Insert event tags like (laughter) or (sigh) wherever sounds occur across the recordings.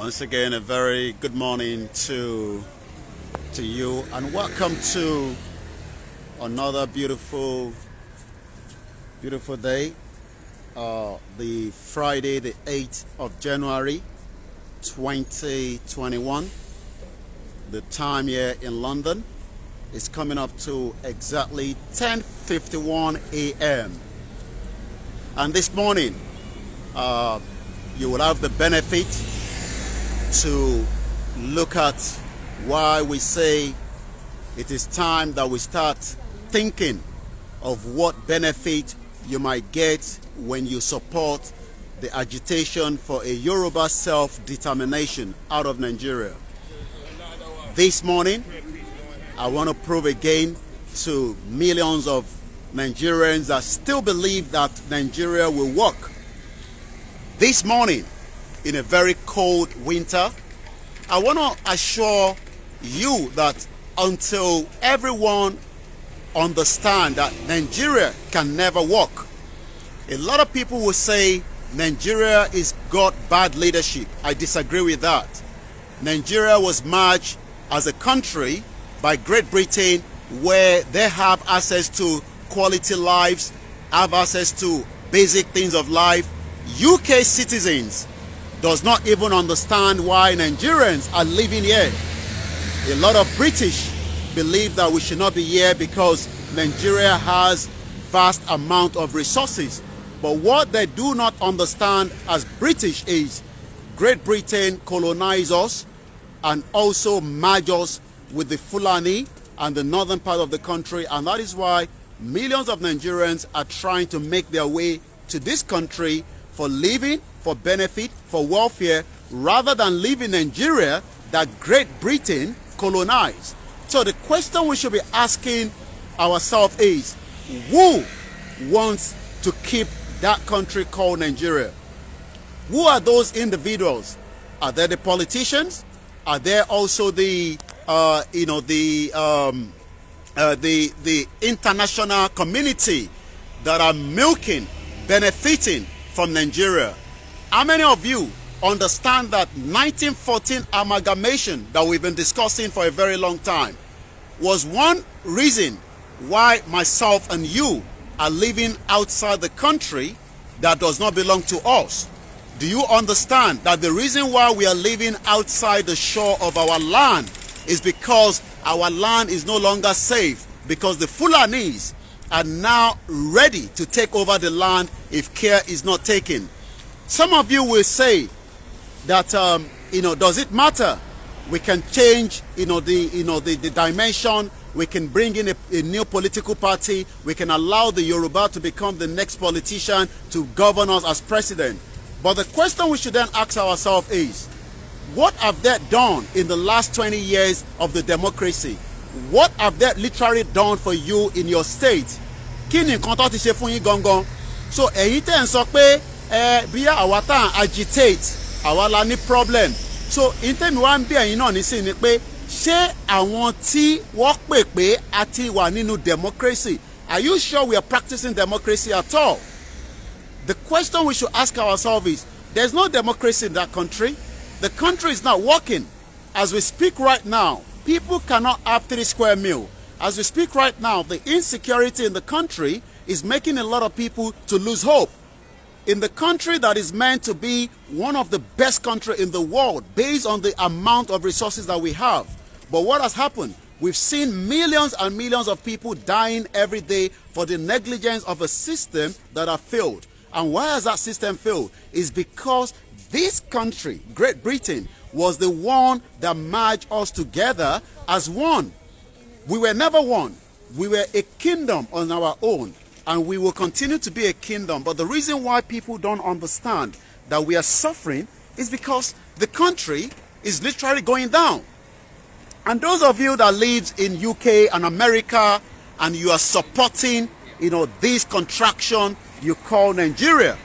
Once again, a very good morning to to you, and welcome to another beautiful, beautiful day. Uh, the Friday, the 8th of January, 2021. The time here in London is coming up to exactly 10:51 a.m. And this morning, uh, you will have the benefit to look at why we say it is time that we start thinking of what benefit you might get when you support the agitation for a Yoruba self-determination out of Nigeria. This morning, I want to prove again to millions of Nigerians that still believe that Nigeria will work. This morning, in a very cold winter. I want to assure you that until everyone understand that Nigeria can never work, a lot of people will say Nigeria is got bad leadership. I disagree with that. Nigeria was merged as a country by Great Britain where they have access to quality lives, have access to basic things of life. UK citizens does not even understand why Nigerians are living here. A lot of British believe that we should not be here because Nigeria has vast amount of resources. But what they do not understand as British is Great Britain colonized us and also merged us with the Fulani and the northern part of the country. And that is why millions of Nigerians are trying to make their way to this country for living, for benefit, for welfare, rather than living Nigeria that Great Britain colonized. So the question we should be asking ourselves is, who wants to keep that country called Nigeria? Who are those individuals? Are they the politicians? Are they also the, uh, you know, the, um, uh, the, the international community that are milking, benefiting from Nigeria. How many of you understand that 1914 amalgamation that we've been discussing for a very long time was one reason why myself and you are living outside the country that does not belong to us. Do you understand that the reason why we are living outside the shore of our land is because our land is no longer safe because the Fulanis are now ready to take over the land if care is not taken. Some of you will say that, um, you know, does it matter? We can change, you know, the, you know, the, the dimension. We can bring in a, a new political party. We can allow the Yoruba to become the next politician to govern us as president. But the question we should then ask ourselves is, what have they done in the last 20 years of the democracy? what have they literally done for you in your state kí ni nǹkan tó ti ṣe fún yín gangan so ẹ̀yin tẹ̀ ń sọ pé ẹ bí àwa tá agitate àwa la ní problem so n tèmi wá ń bí ẹ̀yin náà nísìnyí ni pé ṣé àwọn tí wọ́n pè pé a ti wà nínú democracy are you sure we are practicing democracy at all the question we should ask ourselves is there is no democracy in that country the country is not working as we speak right now people cannot have three square meal. As we speak right now, the insecurity in the country is making a lot of people to lose hope. In the country that is meant to be one of the best country in the world based on the amount of resources that we have. But what has happened? We've seen millions and millions of people dying every day for the negligence of a system that are failed. And why has that system failed? Is because this country, Great Britain, was the one that merged us together as one. We were never one. We were a kingdom on our own, and we will continue to be a kingdom. But the reason why people don't understand that we are suffering is because the country is literally going down. And those of you that lives in UK and America and you are supporting, you know, this contraction you call Nigeria,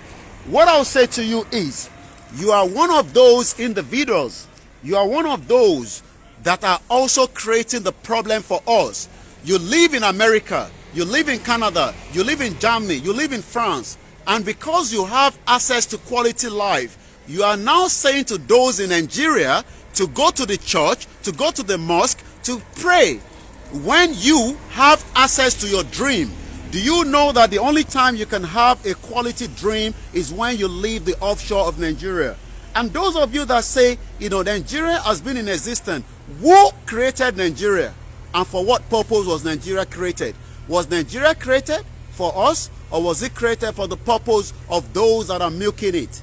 what I'll say to you is you are one of those individuals. You are one of those that are also creating the problem for us. You live in America, you live in Canada, you live in Germany, you live in France, and because you have access to quality life, you are now saying to those in Nigeria to go to the church, to go to the mosque, to pray. When you have access to your dream, do you know that the only time you can have a quality dream is when you leave the offshore of Nigeria? And those of you that say, you know, Nigeria has been in existence, who created Nigeria? And for what purpose was Nigeria created? Was Nigeria created for us or was it created for the purpose of those that are milking it?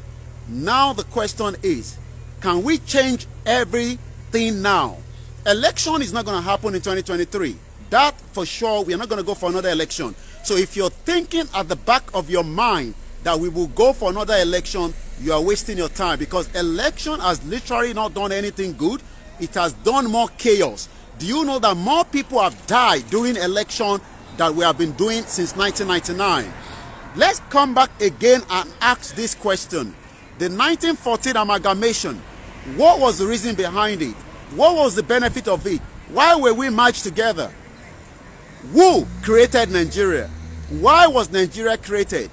Now the question is, can we change everything now? Election is not going to happen in 2023. That for sure, we are not going to go for another election. So if you're thinking at the back of your mind that we will go for another election, you are wasting your time because election has literally not done anything good. It has done more chaos. Do you know that more people have died during election that we have been doing since 1999? Let's come back again and ask this question. The 1914 amalgamation, what was the reason behind it? What was the benefit of it? Why were we marched together? Who created Nigeria? Why was Nigeria created?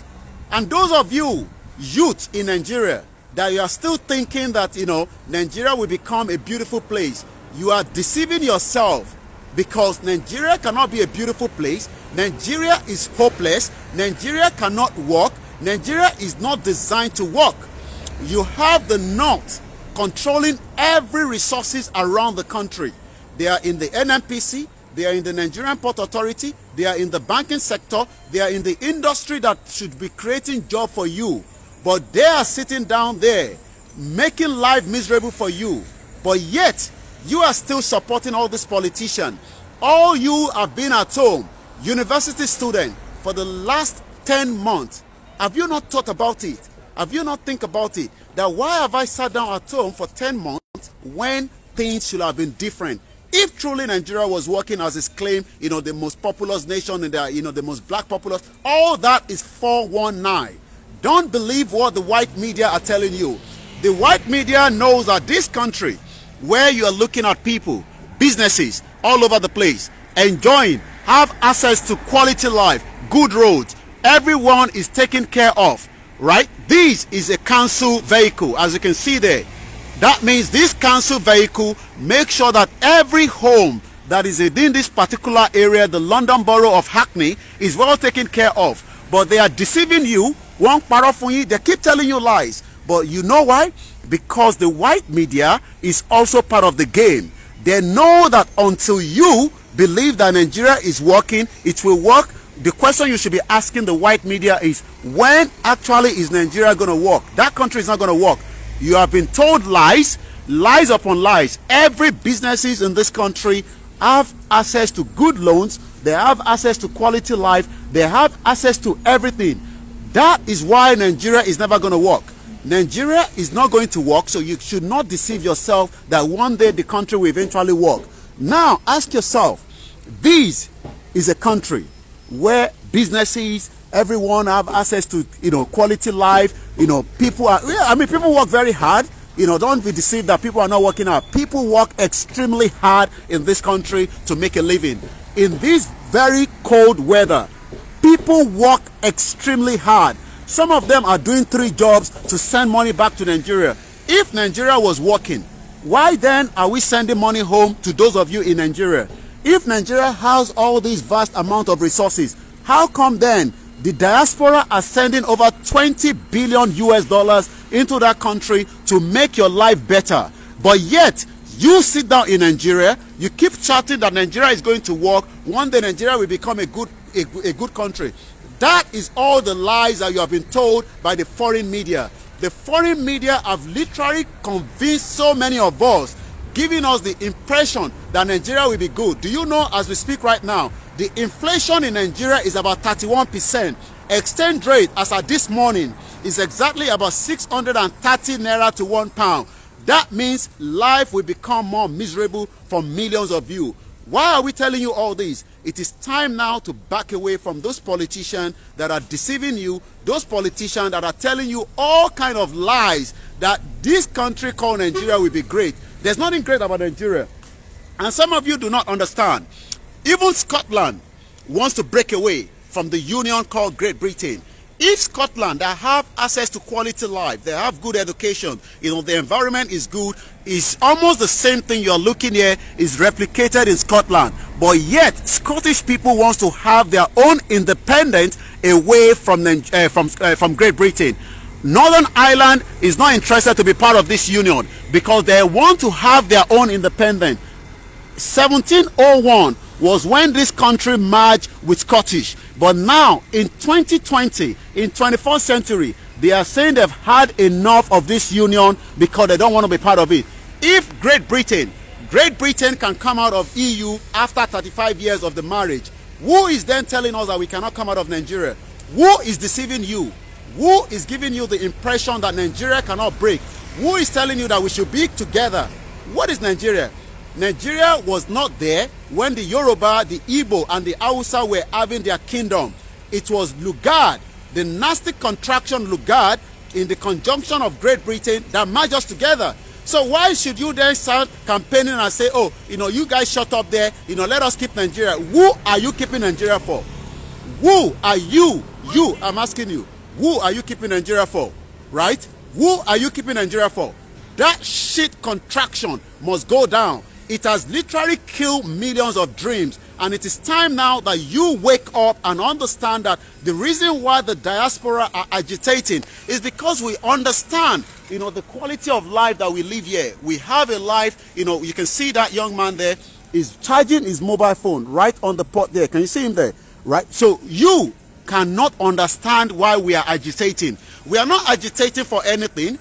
And those of you, youth in Nigeria, that you are still thinking that, you know, Nigeria will become a beautiful place, you are deceiving yourself because Nigeria cannot be a beautiful place. Nigeria is hopeless. Nigeria cannot work. Nigeria is not designed to work. You have the North controlling every resources around the country. They are in the NNPC, they are in the Nigerian Port Authority, they are in the banking sector, they are in the industry that should be creating job for you. But they are sitting down there, making life miserable for you. But yet, you are still supporting all these politicians. All you have been at home, university student, for the last 10 months. Have you not thought about it? Have you not think about it? That why have I sat down at home for 10 months when things should have been different? If truly Nigeria was working as is claimed, you know, the most populous nation in the, you know, the most black populous, all that is 419. Don't believe what the white media are telling you. The white media knows that this country, where you are looking at people, businesses all over the place, enjoying, have access to quality life, good roads, everyone is taken care of, right? This is a council vehicle, as you can see there. That means this council vehicle makes sure that every home that is within this particular area, the London Borough of Hackney, is well taken care of. But they are deceiving you, One parọ́ they keep telling you lies. But you know why? Because the white media is also part of the game. They know that until you believe that Nigeria is working, it will work. The question you should be asking the white media is, when actually is Nigeria going to work? That country is not going to work. You have been told lies, lies upon lies. Every businesses in this country have access to good loans. They have access to quality life. They have access to everything. That is why Nigeria is never going to work. Nigeria is not going to work, so you should not deceive yourself that one day the country will eventually work. Now, ask yourself, this is a country where businesses, everyone have access to, you know, quality life, you know, people are, yeah, I mean, people work very hard. You know, don't be deceived that people are not working hard. People work extremely hard in this country to make a living. In this very cold weather, people work extremely hard. Some of them are doing three jobs to send money back to Nigeria. If Nigeria was working, why then are we sending money home to those of you in Nigeria? If Nigeria has all these vast amount of resources, how come then the diaspora are sending over 20 billion US dollars into that country to make your life better. But yet, you sit down in Nigeria, you keep chatting that Nigeria is going to work, one day Nigeria will become a good, a, a good country. That is all the lies that you have been told by the foreign media. The foreign media have literally convinced so many of us, giving us the impression that Nigeria will be good. Do you know, as we speak right now, The inflation in Nigeria is about 31%. Exchange rate as at this morning is exactly about 630 naira to one pound. That means life will become more miserable for millions of you. Why are we telling you all this? It is time now to back away from those politicians that are deceiving you, those politicians that are telling you all kind of lies that this country called Nigeria will be great. There's nothing great about Nigeria. And some of you do not understand. Even Scotland wants to break away from the union called Great Britain. If Scotland that have access to quality life, they have good education, you know, the environment is good, it's almost the same thing you're looking here is replicated in Scotland. But yet, Scottish people wants to have their own independence away from, uh, from, uh, from Great Britain. Northern Ireland is not interested to be part of this union because they want to have their own independence. 1701 was when this country merged with Scottish. But now, in 2020, in 21st century, they are saying they've had enough of this union because they don't want to be part of it. If Great Britain, Great Britain can come out of EU after 35 years of the marriage, who is then telling us that we cannot come out of Nigeria? Who is deceiving you? Who is giving you the impression that Nigeria cannot break? Who is telling you that we should be together? What is Nigeria? Nigeria was not there when the Yoruba, the Igbo, and the Hausa were having their kingdom. It was Lugard, the nasty contraction Lugard, in the conjunction of Great Britain that merged us together. So why should you then start campaigning and say, oh, you know, you guys shut up there, you know, let us keep Nigeria. Who are you keeping Nigeria for? Who are you? You, I'm asking you. Who are you keeping Nigeria for? Right? Who are you keeping Nigeria for? That shit contraction must go down. It has literally killed millions of dreams. And it is time now that you wake up and understand that the reason why the diaspora are agitating is because we understand, you know, the quality of life that we live here. We have a life, you know, you can see that young man there is charging his mobile phone right on the pot there. Can you see him there? Right? So you cannot understand why we are agitating. We are not agitating for anything.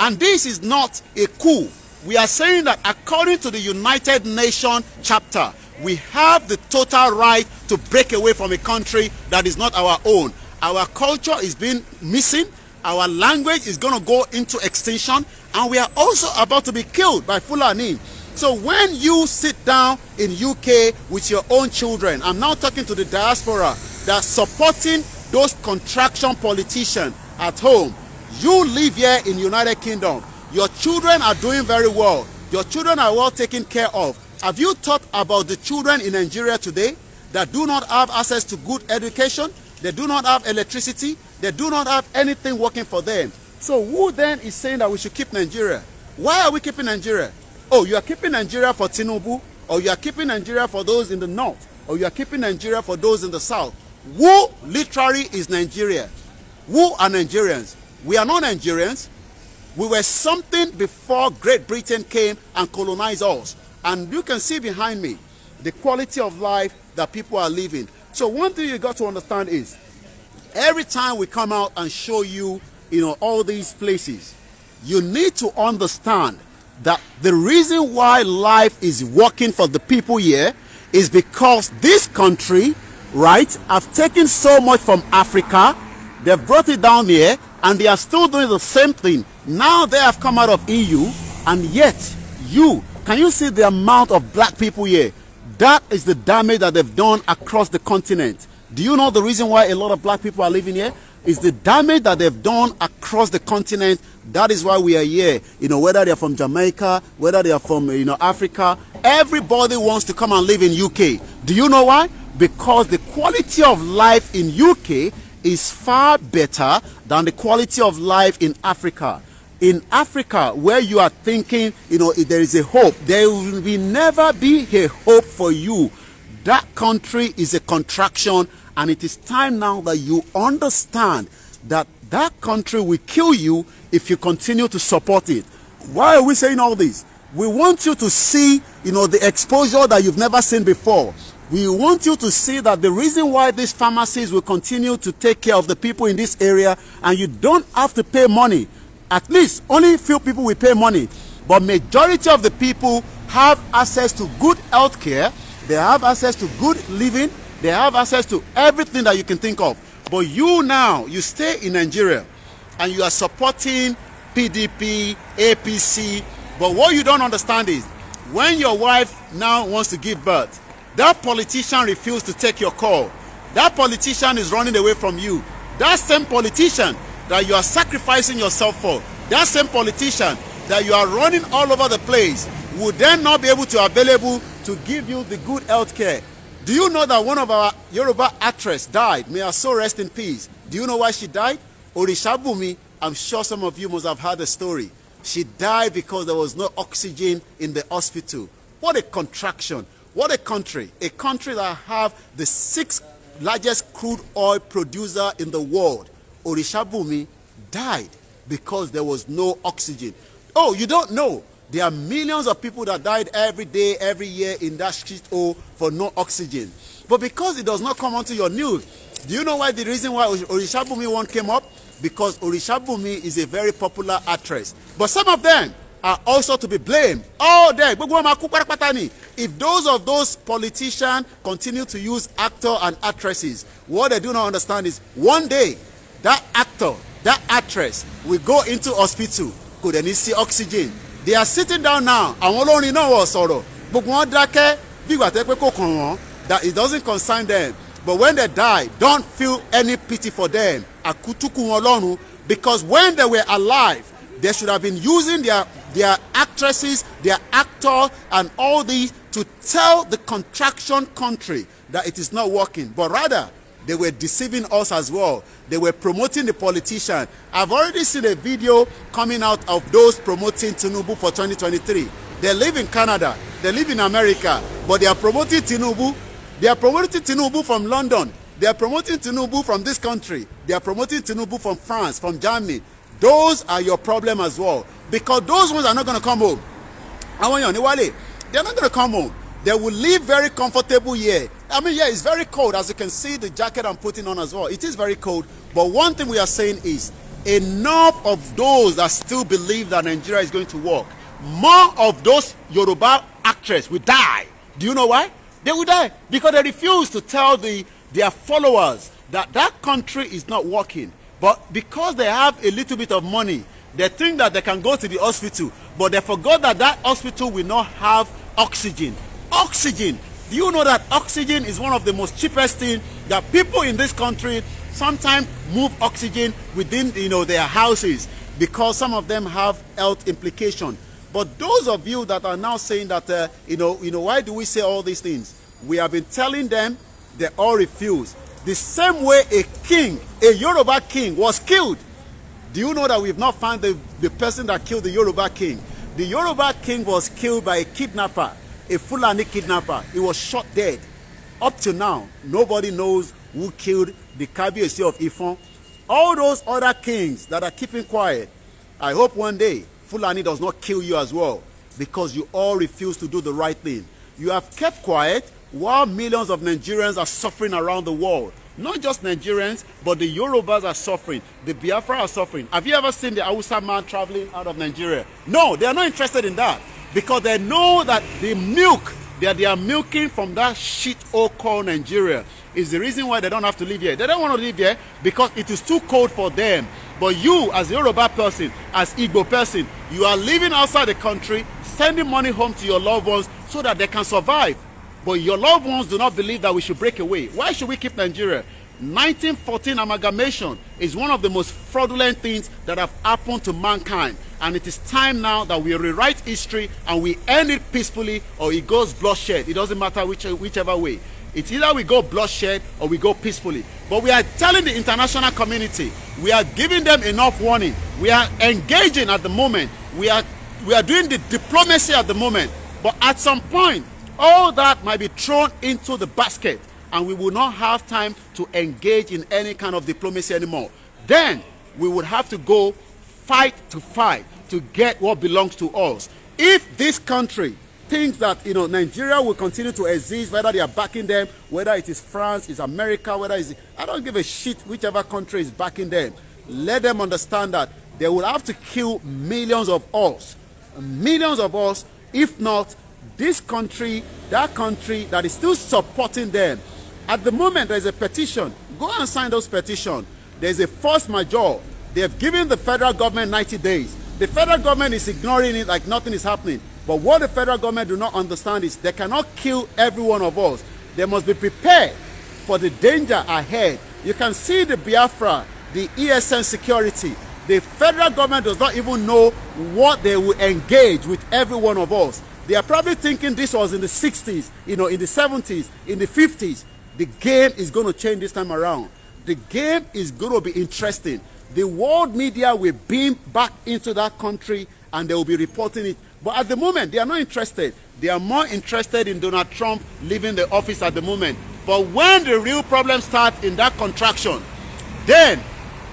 And this is not a coup. we are saying that according to the United Nations chapter, we have the total right to break away from a country that is not our own. Our culture is being missing, our language is going to go into extinction, and we are also about to be killed by Fulani. So when you sit down in UK with your own children, I'm now talking to the diaspora that supporting those contraction politicians at home. You live here in United Kingdom Your children are doing very well. Your children are well taken care of. Have you thought about the children in Nigeria today that do not have access to good education? They do not have electricity. They do not have anything working for them. So who then is saying that we should keep Nigeria? Why are we keeping Nigeria? Oh, you are keeping Nigeria for Tinubu, or you are keeping Nigeria for those in the north, or you are keeping Nigeria for those in the south. Who literally is Nigeria? Who are Nigerians? We are not Nigerians. We were something before Great Britain came and colonized us. And you can see behind me the quality of life that people are living. So one thing you got to understand is every time we come out and show you, you know, all these places, you need to understand that the reason why life is working for the people here is because this country, right, have taken so much from Africa, they've brought it down here, and they are still doing the same thing. Now they have come out of EU, and yet you, can you see the amount of black people here? That is the damage that they've done across the continent. Do you know the reason why a lot of black people are living here? It's the damage that they've done across the continent. That is why we are here. You know, whether they're from Jamaica, whether they are from, you know, Africa, everybody wants to come and live in UK. Do you know why? Because the quality of life in UK is far better than the quality of life in Africa. In Africa, where you are thinking, you know, there is a hope, there will be never be a hope for you. That country is a contraction, and it is time now that you understand that that country will kill you if you continue to support it. Why are we saying all this? We want you to see, you know, the exposure that you've never seen before. We want you to see that the reason why these pharmacies will continue to take care of the people in this area and you don't have to pay money. At least only few people will pay money. But majority of the people have access to good health care. They have access to good living. They have access to everything that you can think of. But you now, you stay in Nigeria and you are supporting PDP, APC. But what you don't understand is when your wife now wants to give birth, That politician refused to take your call. That politician is running away from you. That same politician that you are sacrificing yourself for, that same politician that you are running all over the place, would then not be able to available to give you the good health care. Do you know that one of our Yoruba actress died? May her soul rest in peace. Do you know why she died? Orishabumi, I'm sure some of you must have heard the story. She died because there was no oxygen in the hospital. What a contraction. What a country! A country that have the sixth largest crude oil producer in the world, Orishabumi, died because there was no oxygen. Oh, you don't know. There are millions of people that died every day, every year in that street, oh, for no oxygen. But because it does not come onto your news, do you know why the reason why Orishabumi one came up? Because Orishabumi is a very popular actress. But some of them are also to be blamed. All day, gbogbo wọn máa pátápátá ni. If those of those politicians continue to use actor and actresses, what they do not understand is one day that actor, that actress will go into hospital kò dẹ̀ ní sí oxygen. They are sitting down now. Àwọn olórin náà wọ̀ sọ̀rọ̀. Gbogbo wọn dákẹ́ bí ìgbà tẹ́ pé kò kàn wọ́n that it doesn't concern them. But when they die, don't feel any pity for them. Àkútúkù wọn lọ́run because when they were alive, they should have been using their their actresses, their actors, and all these to tell the contraction country that it is not working, but rather they were deceiving us as well. They were promoting the politician. I've already seen a video coming out of those promoting Tinubu for 2023. They live in Canada, they live in America, but they are promoting Tinubu. They are promoting Tinubu from London. They are promoting Tinubu from this country. They are promoting Tinubu from France, from Germany. Those are your problem as well. Because those ones are not going to come home. Àwọn èèyàn ní wálé They're not going to come home. They will live very comfortable here. I mean, yeah, it's very cold, as you can see the jacket I'm putting on as well. It is very cold. But one thing we are saying is enough of those that still believe that Nigeria is going to work. More of those Yoruba actress will die. Do you know why? They will die because they refuse to tell the, their followers that that country is not working. But because they have a little bit of money, they think that they can go to the hospital. But they forgot that that hospital will not have Oxygen. Oxygen. Do you know that oxygen is one of the most cheapest thing that people in this country sometimes move oxygen within you know their houses because some of them have health implication. But those of you that are now saying that uh, you know you know why do we say all these things? We have been telling them they all refuse. The same way a king, a Yoruba king was killed. Do you know that we've not found the, the person that killed the Yoruba king? The Yoruba king was killed by a kidnapper, a Fulani kidnapper. He was shot dead. Up to now, nobody knows who killed the Kabiyesi of Ifon. All those other kings that are keeping quiet, I hope one day Fulani does not kill you as well because you all refuse to do the right thing. You have kept quiet while millions of Nigerians are suffering around the world. Not just Nigerians, but the Yorubas are suffering. The Biafra are suffering. Have you ever seen the Hausa man traveling out of Nigeria? No, they are not interested in that because they know that the milk that they are milking from that shit hole called Nigeria is the reason why they don't have to live here. They don't want to live here because it is too cold for them. But you, as a Yoruba person, as Igbo person, you are living outside the country, sending money home to your loved ones so that they can survive. But your loved ones do not believe that we should break away. Why should we keep Nigeria? 1914 amalgamation is one of the most fraudulent things that have happened to mankind. And it is time now that we rewrite history and we end it peacefully or it goes bloodshed. It doesn't matter which, whichever way. It's either we go bloodshed or we go peacefully. But we are telling the international community, we are giving them enough warning. We are engaging at the moment. We are, we are doing the diplomacy at the moment. But at some point, all that might be thrown into the basket and we will not have time to engage in any kind of diplomacy anymore. Then we would have to go fight to fight to get what belongs to us. If this country thinks that you know Nigeria will continue to exist, whether they are backing them, whether it is France, it's America, whether it's I don't give a shit whichever country is backing them. Let them understand that they will have to kill millions of us, millions of us, if not this country, that country that is still supporting them. At the moment, there is a petition. Go and sign those petitions. There is a force majeure. They have given the federal government 90 days. The federal government is ignoring it like nothing is happening. But what the federal government do not understand is they cannot kill every one of us. They must be prepared for the danger ahead. You can see the Biafra, the ESN security. The federal government does not even know what they will engage with every one of us. They are probably thinking this was in the 60s, you know, in the 70s, in the 50s. The game is going to change this time around. The game is going to be interesting. The world media will beam back into that country and they will be reporting it. But at the moment, they are not interested. They are more interested in Donald Trump leaving the office at the moment. But when the real problem starts in that contraction, then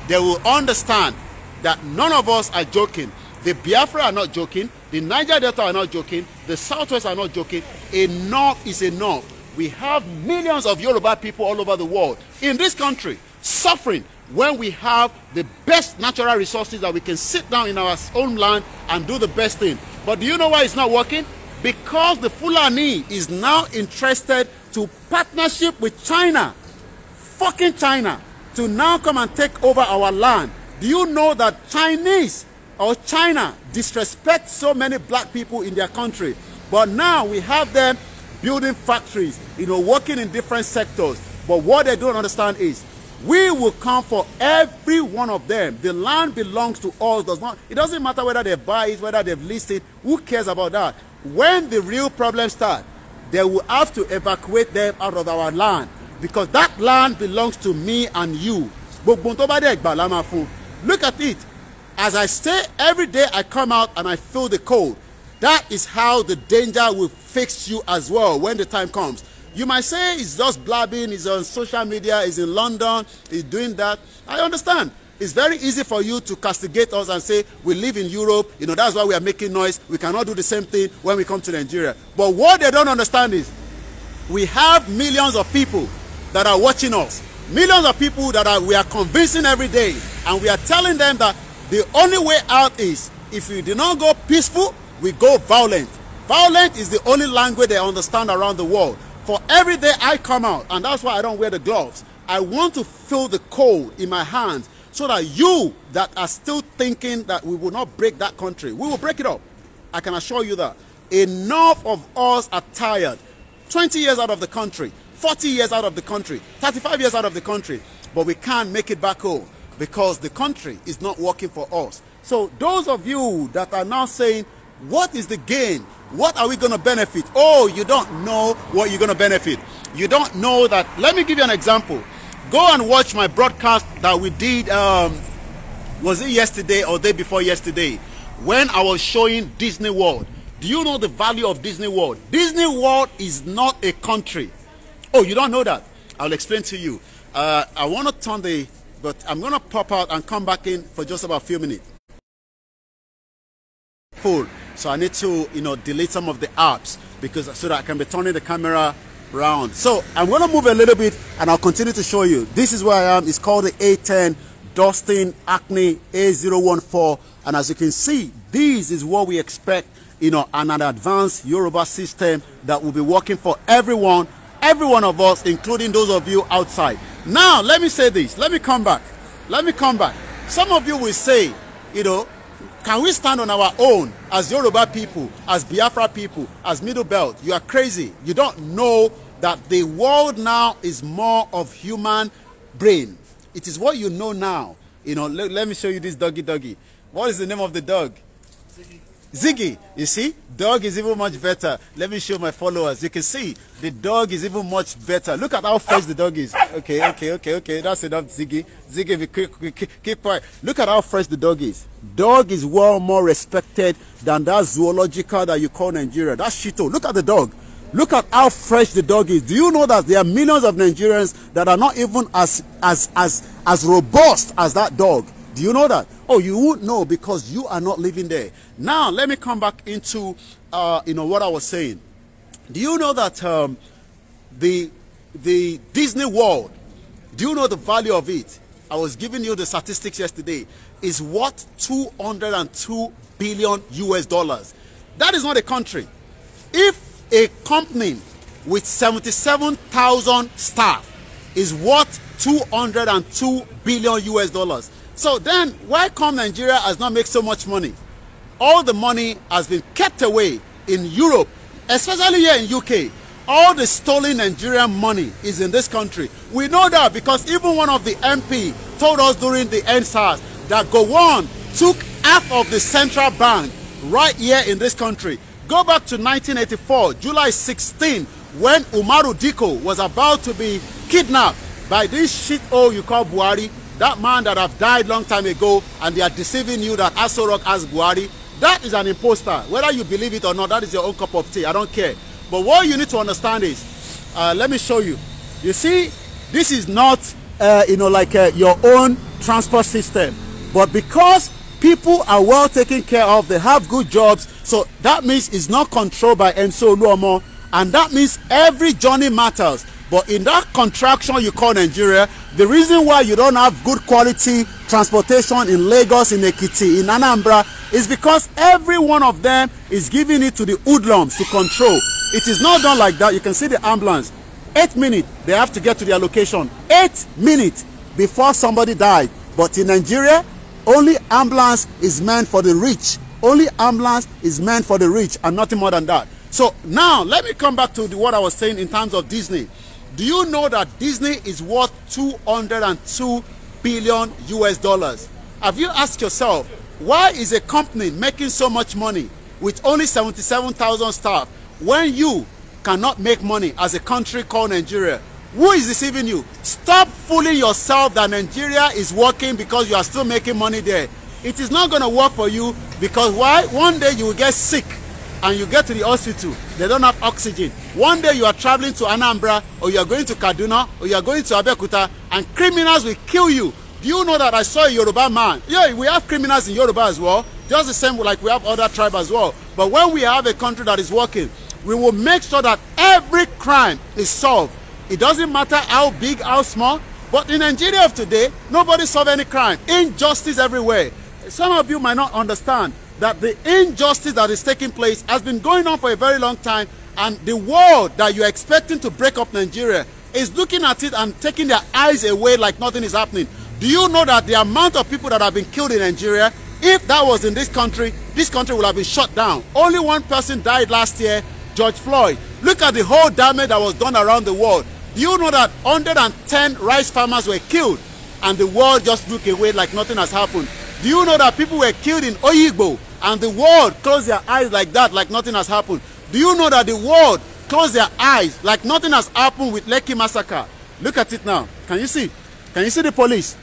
they will understand that none of us are joking. The Biafra are not joking. The Niger Delta are not joking. The Southwest are not joking. Enough is enough. We have millions of Yoruba people all over the world in this country suffering when we have the best natural resources that we can sit down in our own land and do the best thing. But do you know why it's not working? Because the Fulani is now interested to partnership with China, fucking China, to now come and take over our land. Do you know that Chinese or China disrespect so many black people in their country. But now we have them building factories, you know, working in different sectors. But what they don't understand is we will come for every one of them. The land belongs to us. Does not, it doesn't matter whether they buy it, whether they've leased it. Who cares about that? When the real problem start, they will have to evacuate them out of our land because that land belongs to me and you. Gbogbo tó bá dẹ̀ gbà la máa fún. Look at it. As I stay every day, I come out and I feel the cold. That is how the danger will fix you as well when the time comes. You might say he's just blabbing, he's on social media, he's in London, he's doing that. I understand. It's very easy for you to castigate us and say, we live in Europe, you know, that's why we are making noise. We cannot do the same thing when we come to Nigeria. But what they don't understand is, we have millions of people that are watching us. Millions of people that are, we are convincing every day. And we are telling them that the only way out is if we do not go peaceful, we go violent. Violent is the only language they understand around the world. For every day I come out, and that's why I don't wear the gloves, I want to feel the cold in my hands so that you that are still thinking that we will not break that country, we will break it up. I can assure you that. Enough of us are tired. 20 years out of the country, 40 years out of the country, 35 years out of the country, but we can't make it back home because the country is not working for us. So those of you that are now saying, what is the gain? What are we going to benefit? Oh, you don't know what you're going to benefit. You don't know that. Let me give you an example. Go and watch my broadcast that we did, um, was it yesterday or day before yesterday, when I was showing Disney World. Do you know the value of Disney World? Disney World is not a country. Oh, you don't know that? I'll explain to you. Uh, I want to turn the but I'm going to pop out and come back in for just about a few minutes. Full. So I need to, you know, delete some of the apps because so that I can be turning the camera round. So I'm going to move a little bit and I'll continue to show you. This is where I am. It's called the A10 Dustin Acne A014. And as you can see, this is what we expect, you know, an advanced Yoruba system that will be working for everyone every one of us, including those of you outside. Now, let me say this. Let me come back. Let me come back. Some of you will say, you know, can we stand on our own as Yoruba people, as Biafra people, as Middle Belt? You are crazy. You don't know that the world now is more of human brain. It is what you know now. You know, let, let me show you this doggy doggy. What is the name of the dog? Ziggy, you see, dog is even much better. Let me show my followers. You can see the dog is even much better. Look at how fresh the dog is. Okay, okay, okay, okay. That's enough, Ziggy. Ziggy, be quick, quick, keep, quiet. Look at how fresh the dog is. Dog is well more respected than that zoological that you call Nigeria. That's Shito. Look at the dog. Look at how fresh the dog is. Do you know that there are millions of Nigerians that are not even as as as as robust as that dog? Do you know that? Oh, you would know because you are not living there. Now, let me come back into, uh, you know, what I was saying. Do you know that um, the, the Disney World, do you know the value of it? I was giving you the statistics yesterday. Is worth 202 billion US dollars. That is not a country. If a company with 77,000 staff is worth 202 billion US dollars, So then, why come Nigeria has not made so much money? All the money has been kept away in Europe, especially here in UK. All the stolen Nigerian money is in this country. We know that because even one of the MP told us during the NSAS that Gowon took half of the central bank right here in this country. Go back to 1984, July 16, when Umaru Diko was about to be kidnapped by this shithole you call Buhari that man that have died long time ago and they are deceiving you that Asorok has Buhari, that is an imposter. Whether you believe it or not, that is your own cup of tea. I don't care. But what you need to understand is, uh, let me show you. You see, this is not, uh, you know, like uh, your own transport system. But because people are well taken care of, they have good jobs, so that means it's not controlled by MCO Luomo. And that means every journey matters. But in that contraction you call Nigeria, the reason why you don't have good quality transportation in Lagos, in Ekiti, in Anambra, is because every one of them is giving it to the hoodlums to control. It is not done like that. You can see the ambulance. Eight minutes, they have to get to their location. Eight minutes before somebody died. But in Nigeria, only ambulance is meant for the rich. Only ambulance is meant for the rich and nothing more than that. So now, let me come back to the, what I was saying in terms of Disney. Do you know that Disney is worth 202 billion US dollars? Have you asked yourself, why is a company making so much money with only 77,000 staff when you cannot make money as a country called Nigeria? Who is deceiving you? Stop fooling yourself that Nigeria is working because you are still making money there. It is not going to work for you because why? One day you will get sick and you get to the hospital they don't have oxygen one day you are traveling to anambra or you are going to kaduna or you are going to abeokuta and criminals will kill you do you know that i saw a yoruba man yeah we have criminals in yoruba as well just the same like we have other tribe as well but when we have a country that is working we will make sure that every crime is solved it doesn't matter how big how small but in nigeria of today nobody solve any crime injustice everywhere some of you might not understand that the injustice that is taking place has been going on for a very long time and the world that you're expecting to break up Nigeria is looking at it and taking their eyes away like nothing is happening. Do you know that the amount of people that have been killed in Nigeria, if that was in this country, this country would have been shut down. Only one person died last year, George Floyd. Look at the whole damage that was done around the world. Do you know that 110 rice farmers were killed and the world just looked away like nothing has happened? Do you know that people were killed in Oyigbo and the world close their eyes like that, like nothing has happened. Do you know that the world close their eyes like nothing has happened with Lekki massacre? Look at it now. Can you see? Can you see the police?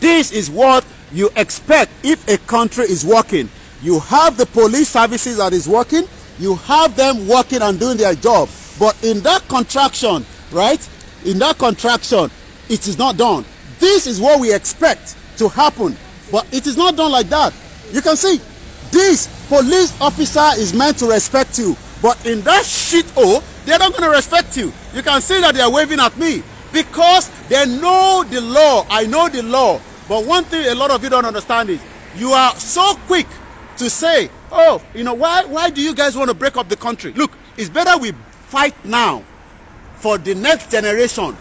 This is what you expect if a country is working. You have the police services that is working. You have them working and doing their job. But in that contraction, right? In that contraction, it is not done. This is what we expect to happen. But it is not done like that. You can see This police officer is meant to respect you, but in that shit shithole, they're not going to respect you. You can see that they are waving at me because they know the law. I know the law. But one thing a lot of you don't understand is you are so quick to say, oh, you know, why, why do you guys want to break up the country? Look, it's better we fight now for the next generation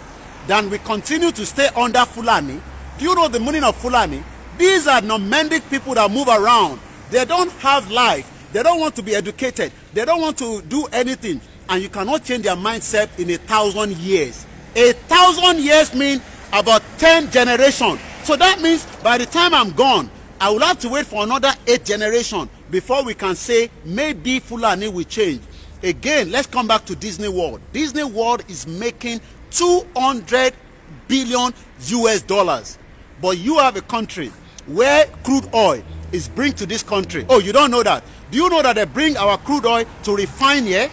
than we continue to stay under Fulani. Do you know the meaning of Fulani? These are nomadic people that move around They don't have life. They don't want to be educated. They don't want to do anything. And you cannot change their mindset in a thousand years. A thousand years mean about ten generations. So that means by the time I'm gone, I will have to wait for another eight generations before we can say maybe Fulani will change. Again, let's come back to Disney World. Disney World is making two hundred billion US dollars. But you have a country where crude oil is bring to this country. Oh, you don't know that. Do you know that they bring our crude oil to refine here?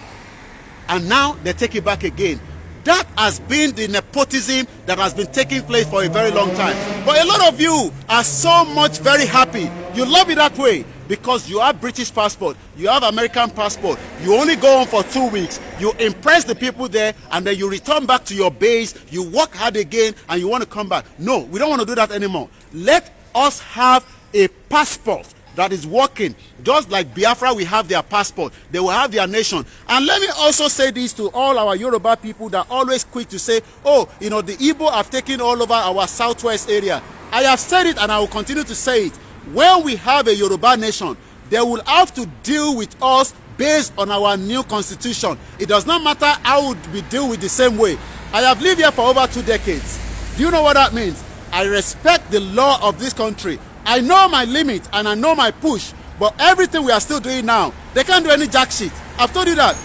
And now they take it back again. That has been the nepotism that has been taking place for a very long time. But a lot of you are so much very happy. You love it that way because you have British passport, you have American passport, you only go on for two weeks, you impress the people there, and then you return back to your base, you work hard again, and you want to come back. No, we don't want to do that anymore. Let us have a passport that is working just like biafra we have their passport they will have their nation and let me also say this to all our yoruba people that always quick to say oh you know the igbo have taken all over our southwest area i have said it and i will continue to say it when we have a yoruba nation they will have to deal with us based on our new constitution it does not matter how we deal with the same way i have lived here for over two decades do you know what that means i respect the law of this country I know my limit and I know my push, but everything we are still doing now, they can't do any jack shit. I've told you that.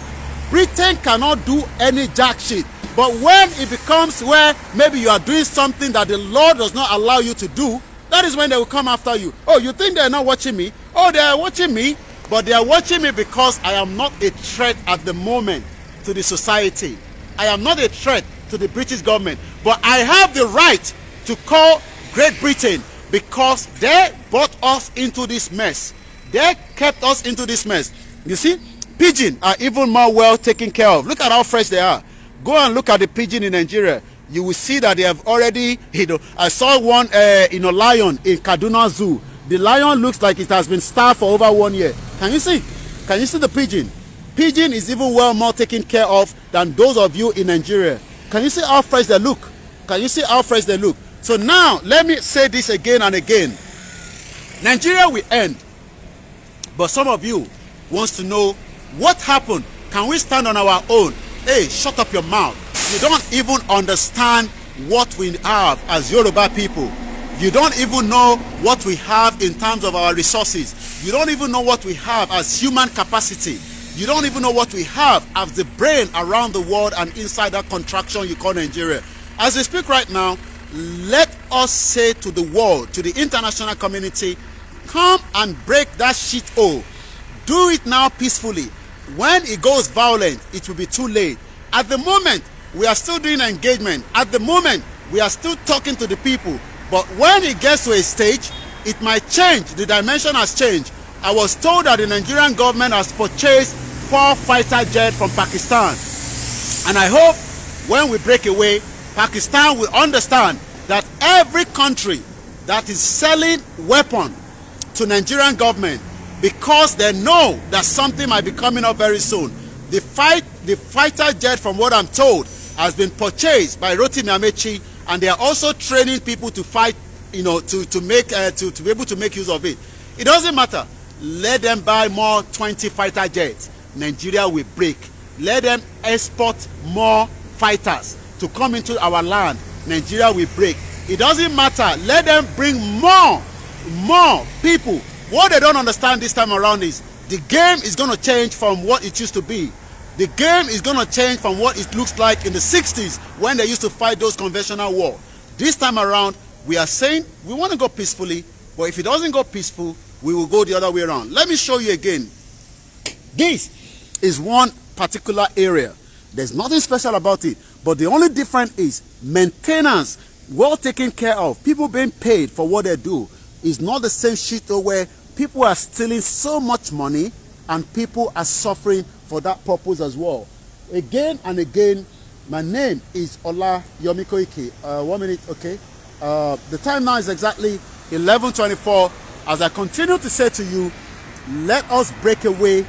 Britain cannot do any jack shit. But when it becomes where maybe you are doing something that the law does not allow you to do, that is when they will come after you. Oh, you think they are not watching me? Oh, they are watching me, but they are watching me because I am not a threat at the moment to the society. I am not a threat to the British government, but I have the right to call Great Britain because they brought us into this mess. They kept us into this mess. You see, pigeons are even more well taken care of. Look at how fresh they are. Go and look at the pigeon in Nigeria. You will see that they have already, you know, I saw one, uh, a lion in Kaduna Zoo. The lion looks like it has been starved for over one year. Can you see? Can you see the pigeon? Pigeon is even well more taken care of than those of you in Nigeria. Can you see how fresh they look? Can you see how fresh they look? So now, let me say this again and again. Nigeria will end. But some of you wants to know what happened. Can we stand on our own? Hey, shut up your mouth. You don't even understand what we have as Yoruba people. You don't even know what we have in terms of our resources. You don't even know what we have as human capacity. You don't even know what we have as the brain around the world and inside that contraction you call Nigeria. As we speak right now, let us say to the world, to the international community, come and break that shit hole. Do it now peacefully. When it goes violent, it will be too late. At the moment, we are still doing engagement. At the moment, we are still talking to the people. But when it gets to a stage, it might change. The dimension has changed. I was told that the Nigerian government has purchased four fighter jets from Pakistan. And I hope when we break away, Pakistan will understand that every country that is selling weapon to Nigerian government because they know that something might be coming up very soon. The fight, the fighter jet, from what I'm told, has been purchased by Rotimi Amechi, and they are also training people to fight, you know, to to make uh, to to be able to make use of it. It doesn't matter. Let them buy more 20 fighter jets. Nigeria will break. Let them export more fighters to come into our land, Nigeria will break. It doesn't matter. Let them bring more, more people. What they don't understand this time around is the game is going to change from what it used to be. The game is going to change from what it looks like in the 60s when they used to fight those conventional war. This time around, we are saying we want to go peacefully, but if it doesn't go peaceful, we will go the other way around. Let me show you again. This is one particular area. There's nothing special about it. But the only difference is maintenance, well taken care of, people being paid for what they do is not the same shit where people are stealing so much money and people are suffering for that purpose as well. Again and again, my name is Ola Yomiko Iki. Uh, one minute, okay. Uh, the time now is exactly 11.24. As I continue to say to you, let us break away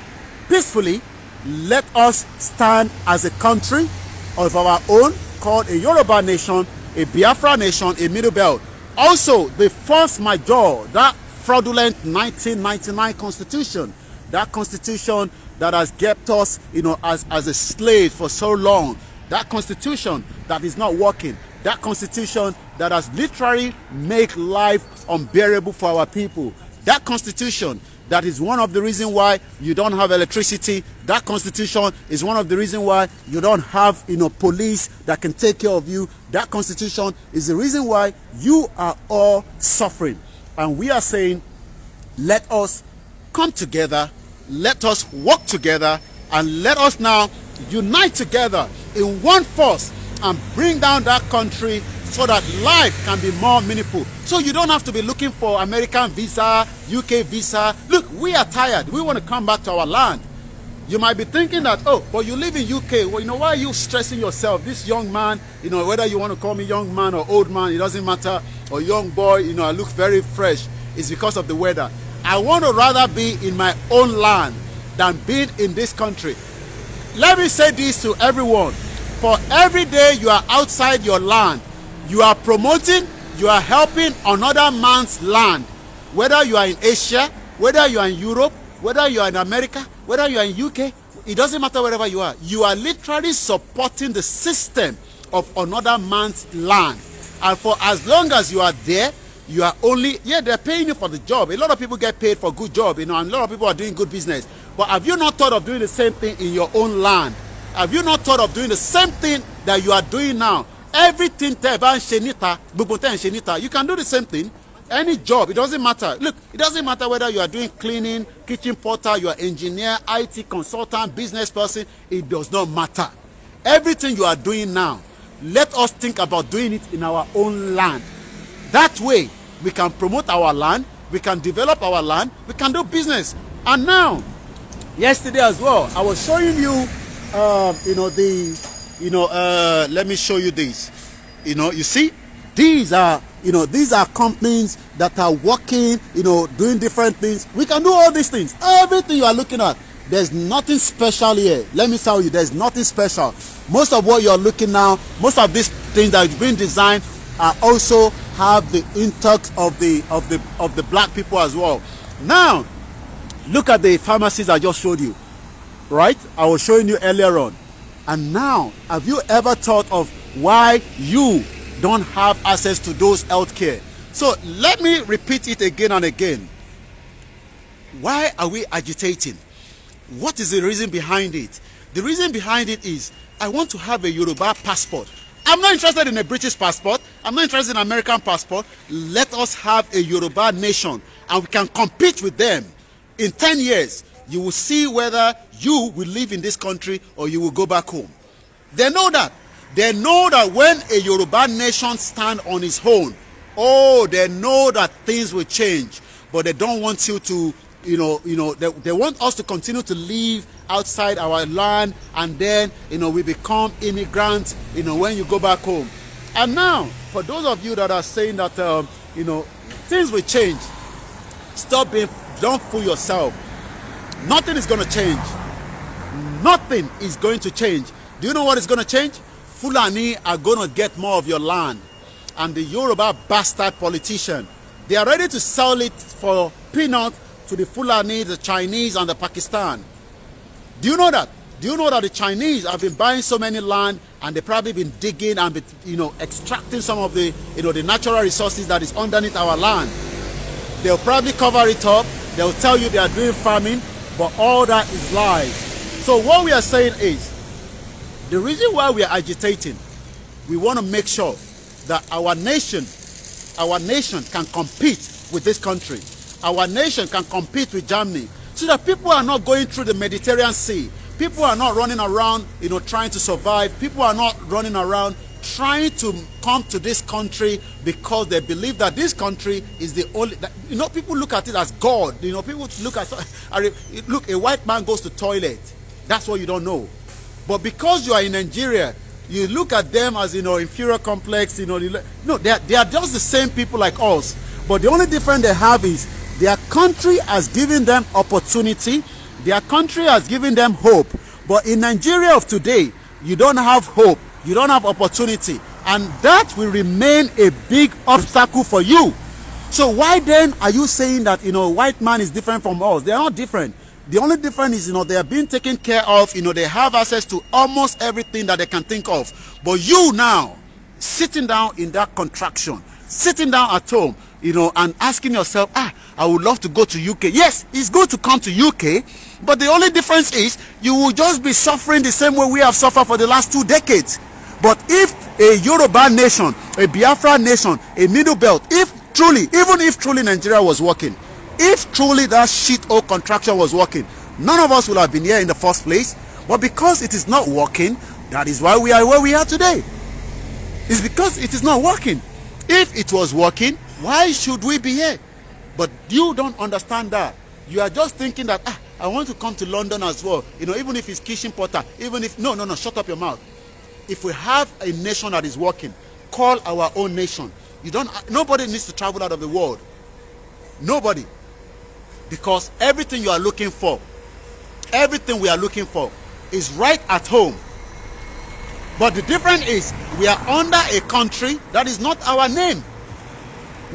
peacefully. Let us stand as a country of our own called a Yoruba nation, a Biafra nation, a Middle Belt. Also, the first major, that fraudulent 1999 constitution, that constitution that has kept us, you know, as, as a slave for so long, that constitution that is not working, that constitution that has literally make life unbearable for our people, that constitution That is one of the reasons why you don't have electricity. That constitution is one of the reasons why you don't have you know, police that can take care of you. That constitution is the reason why you are all suffering. And we are saying, let us come together, let us work together, and let us now unite together in one force and bring down that country so that life can be more meaningful. So you don't have to be looking for American visa, UK visa. Look, we are tired. We want to come back to our land. You might be thinking that, oh, but you live in UK. Well, you know, why are you stressing yourself? This young man, you know, whether you want to call me young man or old man, it doesn't matter. Or young boy, you know, I look very fresh. It's because of the weather. I want to rather be in my own land than being in this country. Let me say this to everyone. For every day you are outside your land, you are promoting you are helping another man's land whether you are in Asia whether you are in Europe whether you are in America whether you are in UK it doesn't matter wherever you are you are literally supporting the system of another man's land and for as long as you are there you are only yeah they're paying you for the job a lot of people get paid for good job you know and a lot of people are doing good business but have you not thought of doing the same thing in your own land have you not thought of doing the same thing that you are doing now everything tẹ́ ẹ bá ń ṣe níta gbogbo tẹ́ ẹ ń ṣe níta you can do the same thing any job it doesn't matter look it doesn't matter whether you are doing cleaning kitchen porter you are engineer IT consultant business person it does not matter everything you are doing now let us think about doing it in our own land that way we can promote our land we can develop our land we can do business and now yesterday as well I was showing you uh, you know the you know, uh, let me show you this. You know, you see, these are, you know, these are companies that are working, you know, doing different things. We can do all these things. Everything you are looking at, there's nothing special here. Let me tell you, there's nothing special. Most of what you're looking now, most of these things that have been designed are also have the intact of the of the of the black people as well. Now, look at the pharmacies I just showed you, right? I was showing you earlier on. And now, have you ever thought of why you don't have access to those healthcare? So let me repeat it again and again. Why are we agitating? What is the reason behind it? The reason behind it is I want to have a Yoruba passport. I'm not interested in a British passport. I'm not interested in an American passport. Let us have a Yoruba nation and we can compete with them. In 10 years, you will see whether you will live in this country or you will go back home. They know that. They know that when a Yoruba nation stand on its own, oh, they know that things will change, but they don't want you to, you know, you know, they, they want us to continue to live outside our land, and then, you know, we become immigrants, you know, when you go back home. And now, for those of you that are saying that, um, you know, things will change, stop being, don't fool yourself. Nothing is going to change nothing is going to change. Do you know what is going to change? Fulani are going to get more of your land. And the Yoruba bastard politician, they are ready to sell it for peanuts to the Fulani, the Chinese, and the Pakistan. Do you know that? Do you know that the Chinese have been buying so many land and they've probably been digging and you know extracting some of the you know the natural resources that is underneath our land? They'll probably cover it up. They'll tell you they are doing farming, but all that is lies. So what we are saying is, the reason why we are agitating, we want to make sure that our nation, our nation can compete with this country. Our nation can compete with Germany so that people are not going through the Mediterranean Sea. People are not running around, you know, trying to survive. People are not running around trying to come to this country because they believe that this country is the only that, you know people look at it as god you know people look at (laughs) look a white man goes to toilet that's what you don't know. But because you are in Nigeria, you look at them as, you know, inferior complex, you know. No, they are, they are just the same people like us. But the only difference they have is their country has given them opportunity. Their country has given them hope. But in Nigeria of today, you don't have hope. You don't have opportunity. And that will remain a big obstacle for you. So why then are you saying that, you know, white man is different from us? They are not different. The only difference is, you know, they are being taken care of. You know, they have access to almost everything that they can think of. But you now, sitting down in that contraction, sitting down at home, you know, and asking yourself, ah, I would love to go to UK. Yes, it's good to come to UK, but the only difference is you will just be suffering the same way we have suffered for the last two decades. But if a Yoruba nation, a Biafra nation, a Middle Belt, if truly, even if truly Nigeria was working, if truly that or contraction was working, none of us would have been here in the first place. But because it is not working, that is why we are where we are today. It's because it is not working. If it was working, why should we be here? But you don't understand that. You are just thinking that, ah, I want to come to London as well. You know, even if it's kitchen potter, even if, no, no, no, shut up your mouth. If we have a nation that is working, call our own nation. You don't, nobody needs to travel out of the world. Nobody because everything you are looking for everything we are looking for is right at home but the difference is we are under a country that is not our name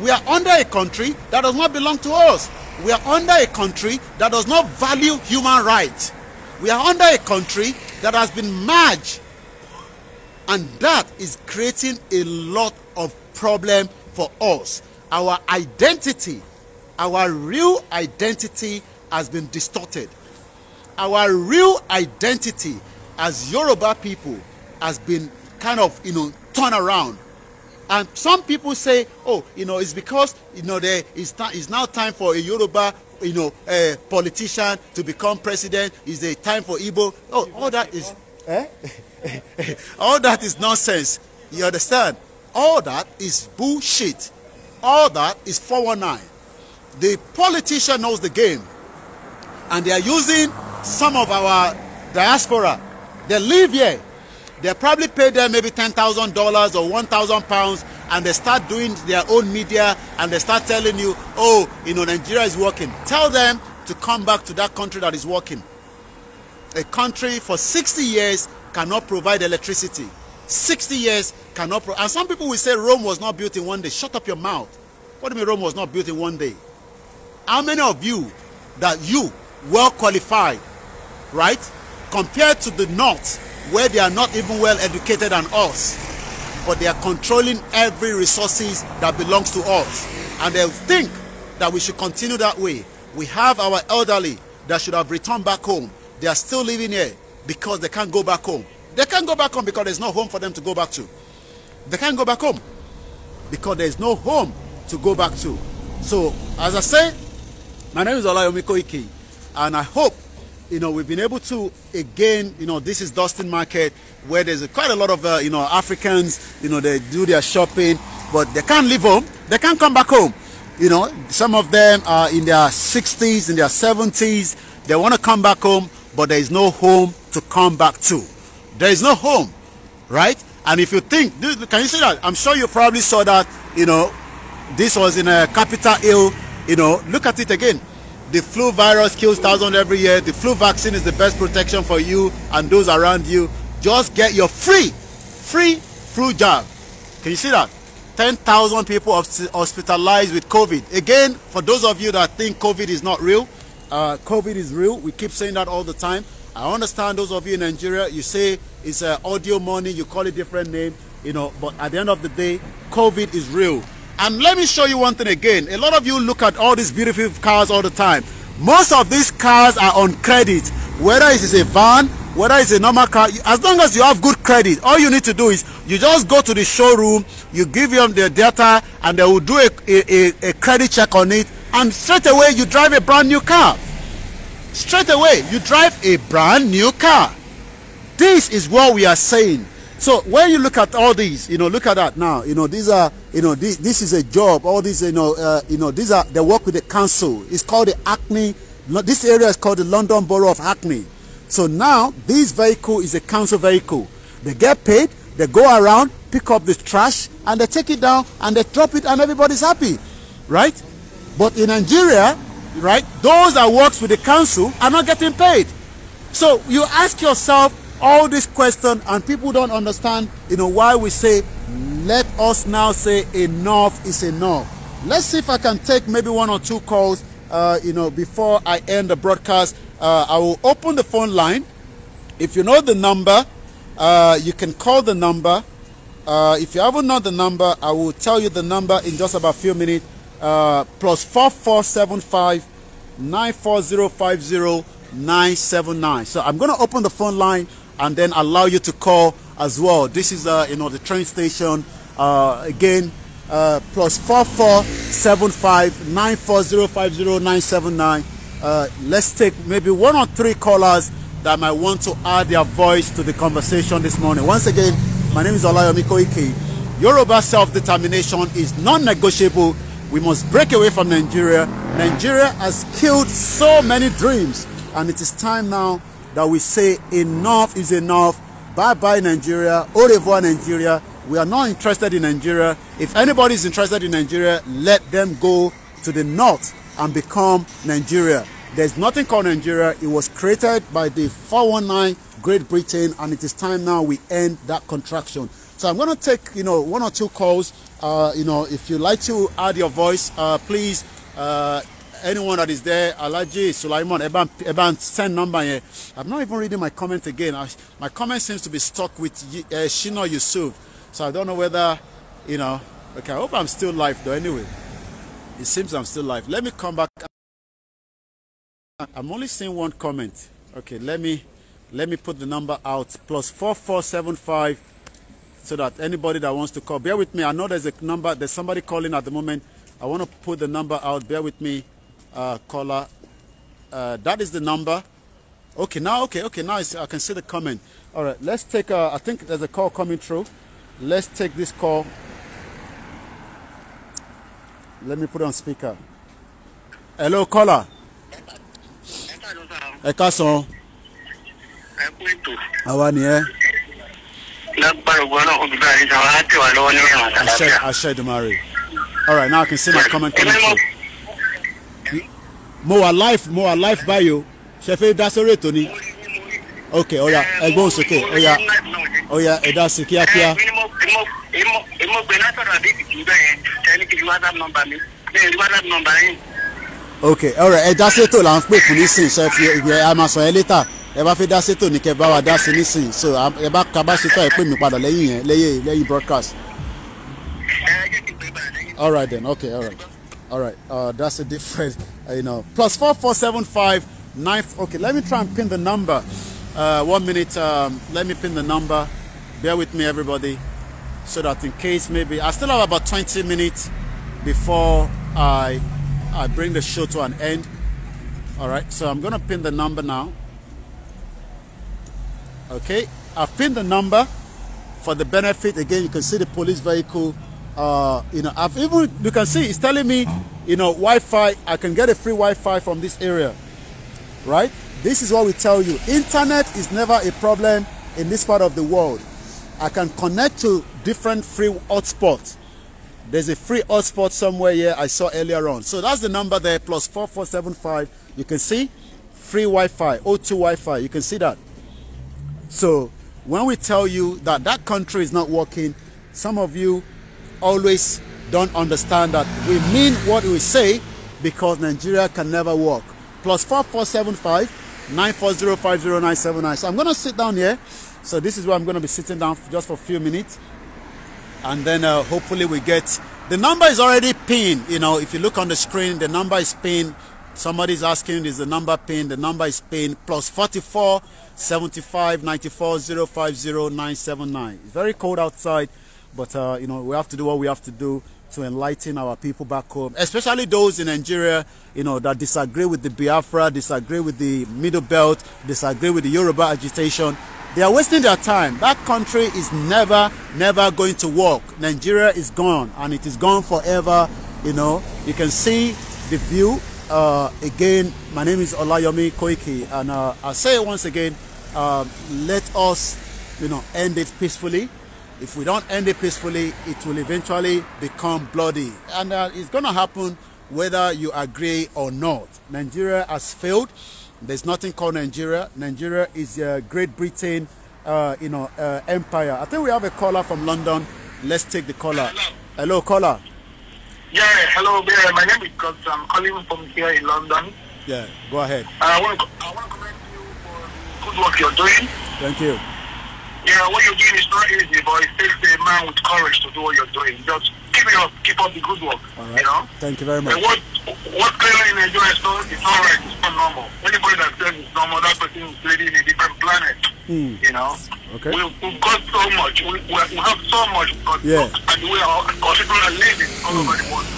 we are under a country that does not belong to us we are under a country that does not value human rights we are under a country that has been merged and that is creating a lot of problem for us our identity Our real identity has been distorted. Our real identity as Yoruba people has been kind of, you know, turned around. And some people say, oh, you know, it's because, you know, there is it's now time for a Yoruba you know, a eh, politician to become president. Is a time for Igbo? Oh, all that is, eh? (laughs) all that is nonsense. You understand? All that is bullshit. All that is 419. the politician knows the game and they are using some of our diaspora. They live here. They probably pay them maybe $10,000 or £1,000 and they start doing their own media and they start telling you, oh, you know, Nigeria is working. Tell them to come back to that country that is working. A country for 60 years cannot provide electricity. 60 years cannot And some people will say Rome was not built in one day. Shut up your mouth. What do you mean Rome was not built in one day? How many of you that you well qualified, right? Compared to the North, where they are not even well educated than us, but they are controlling every resources that belongs to us. And they think that we should continue that way. We have our elderly that should have returned back home. They are still living here because they can't go back home. They can't go back home because there's no home for them to go back to. They can't go back home because there's no home to go back to. So, as I say, my name is Olayomi Koike, and I hope you know we've been able to again you know this is Dustin Market where there's a, quite a lot of uh, you know Africans you know they do their shopping but they can't leave home they can't come back home you know some of them are in their 60s in their 70s they want to come back home but there is no home to come back to there is no home right and if you think can you see that I'm sure you probably saw that you know this was in a uh, capital Hill you know, look at it again. The flu virus kills thousands every year. The flu vaccine is the best protection for you and those around you. Just get your free, free flu jab. Can you see that? 10,000 people hospitalized with COVID. Again, for those of you that think COVID is not real, uh, COVID is real. We keep saying that all the time. I understand those of you in Nigeria, you say it's uh, audio money, you call it different name, you know, but at the end of the day, COVID is real. And let me show you one thing again. A lot of you look at all these beautiful cars all the time. Most of these cars are on credit. Whether it is a van, whether it's a normal car, as long as you have good credit, all you need to do is you just go to the showroom, you give them the data, and they will do a, a, a credit check on it, and straight away you drive a brand new car. Straight away, you drive a brand new car. This is what we are saying. So when you look at all these, you know, look at that now. You know, these are you know, this, this is a job. All these, you know, uh, you know, these are they work with the council. It's called the Acne. This area is called the London Borough of Hackney. So now this vehicle is a council vehicle. They get paid. They go around, pick up the trash, and they take it down and they drop it, and everybody's happy, right? But in Nigeria, right, those that works with the council are not getting paid. So you ask yourself all these questions, and people don't understand, you know, why we say let us now say enough is enough. Let's see if I can take maybe one or two calls, uh, you know, before I end the broadcast. Uh, I will open the phone line. If you know the number, uh, you can call the number. Uh, if you haven't know the number, I will tell you the number in just about a few minutes. Uh, plus 4475 94050 So I'm going to open the phone line and then allow you to call as well. This is, uh, you know, the train station uh, again, uh, plus 447594050979. Uh, let's take maybe one or three callers that might want to add their voice to the conversation this morning. Once again, my name is Olayomi Koike. Yoruba self-determination is non-negotiable. We must break away from Nigeria. Nigeria has killed so many dreams, and it is time now that we say enough is enough. Bye bye Nigeria. Au revoir Nigeria. We are not interested in Nigeria. If anybody is interested in Nigeria, let them go to the north and become Nigeria. There's nothing called Nigeria. It was created by the 419 Great Britain, and it is time now we end that contraction. So I'm going to take, you know, one or two calls. Uh, you know, if you like to add your voice, uh, please, uh, anyone that is there, Alaji, Sulaiman, Eban, Eban, send number here. I'm not even reading my comment again. I, my comment seems to be stuck with uh, Shino Yusuf. So I don't know whether, you know, okay, I hope I'm still live though anyway. It seems I'm still live. Let me come back. I'm only seeing one comment. Okay, let me let me put the number out plus 4475 so that anybody that wants to call bear with me i know there's a number there's somebody calling at the moment i want to put the number out bear with me uh, caller uh, that is the number okay now okay okay now i can see the comment all right let's take a, i think there's a call coming through let's take this call let me put on speaker hello caller ẹ káàsán ẹ kú ètò àwa nìyẹn. lágbára ògbọ́n náà olùdó àyè sáwọn á tẹ̀wá lọ́wọ́ ní ìrìn àtàlà bíà. àṣẹ ìdùmarè all right now i can see my comment coming through. mo wà live mo wà live báyìí o ṣe fẹ́ dá sórí ètò ni ok ọ̀ya ẹgbọ́n sókè ọ̀ya ọ̀ya ẹ̀dá sí kíákíá. èmo eh, gbé látọ̀dọ̀ àdébì kì í bẹ̀rẹ̀ tẹ́lí kì í whatsapp number mi bẹ́ẹ̀ ni whatsapp number yìí. ok ọ̀rọ̀ ẹ dá sétò là ń pè fún nísìn ṣe fi ìgbẹ́ a ẹ létà ẹ bá fẹ́ dá sétò ní kẹ bá wa dá sí nísìn so ẹ bá kaba sétò ẹ pè mí padà lẹ́yìn yẹn lẹ́yìn lẹ́yìn broadcast. Eh, all right then okay all right all uh, that's a different uh, (laughs) you know plus four four seven five nine okay let me try and pin the number. Uh, one minute, um, let me pin the number. Bear with me, everybody, so that in case maybe I still have about 20 minutes before I, I bring the show to an end. All right, so I'm going to pin the number now. Okay, I've pinned the number for the benefit. Again, you can see the police vehicle. Uh, you know, I've even, you can see it's telling me, you know, Wi Fi, I can get a free Wi Fi from this area, right? This is what we tell you. Internet is never a problem in this part of the world. I can connect to different free hotspots. There's a free hotspot somewhere here I saw earlier on. So that's the number there, plus 4475. You can see free Wi-Fi, O2 Wi-Fi. You can see that. So when we tell you that that country is not working, some of you always don't understand that we mean what we say because Nigeria can never work. Plus 4475 940507979. So I'm going to sit down here. So this is where I'm going to be sitting down just for a few minutes. And then uh, hopefully we get... The number is already pinned. You know, if you look on the screen, the number is pinned. Somebody's asking, is the number pinned? The number is pinned. Plus 44 75 94 050 979. It's very cold outside. But, uh, you know, we have to do what we have to do to enlighten our people back home, especially those in Nigeria, you know, that disagree with the Biafra, disagree with the Middle Belt, disagree with the Yoruba agitation. They are wasting their time. That country is never, never going to work. Nigeria is gone, and it is gone forever. You know, you can see the view. Uh, again, my name is Olayomi Koiki, and uh, I say once again, uh, let us, you know, end it peacefully. If we don't end it peacefully, it will eventually become bloody. And uh, it's going to happen whether you agree or not. Nigeria has failed. There's nothing called Nigeria. Nigeria is a uh, Great Britain, uh, you know, uh, empire. I think we have a caller from London. Let's take the caller. Hello, hello caller. Yeah, hello My name is Gus. I'm calling from here in London. Yeah, go ahead. I want to commend you for good work you're doing. Thank you. Yeah, what you're doing is not easy, but it takes a man with courage to do what you're doing. Just keep it up, keep up the good work. All right. You know? Thank you very much. And what what clearly in Nigeria is not it's alright, it's not normal. Anybody that says it's normal, that person is living in a different planet. Mm. You know? Okay. We, we've got so much. We, we have so much, but yeah. and we are, our people are living all mm. over the world.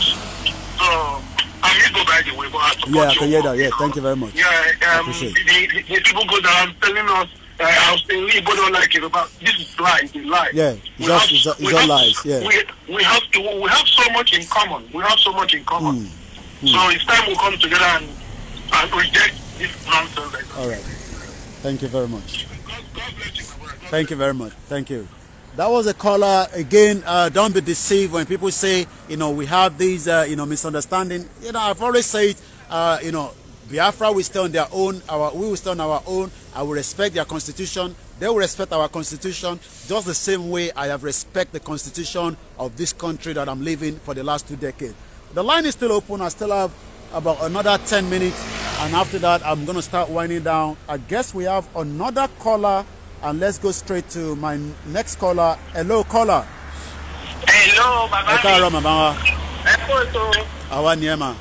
So Way, yeah, I can hear that. Yeah, thank you very much. Yeah, um, the, the, the, people go down telling us I was saying Igbo don't like it about this is lies, they lie. Yeah, we just, have, it's, we all have, lies. Yeah. We, we have to we have so much in common. We have so much in common. Mm. Mm. So it's time we come together and, and reject this nonsense. Like all right. Thank you very much. Thank you very much. Thank you. That was a caller again. Uh, don't be deceived when people say, you know, we have these, uh, you know, misunderstanding. You know, I've always said, uh, you know, Biafra will stay on their own, our, we will stay on our own, I will respect their constitution, they will respect our constitution, just the same way I have respect the constitution of this country that I'm living for the last two decades. The line is still open, I still have about another ten minutes, and after that I'm going to start winding down. I guess we have another caller, and let's go straight to my next caller. Hello, caller. Hello, Baba. Ẹ káàárọ̀, Mama. Ẹ kú ètò. Àwa ni ẹ máa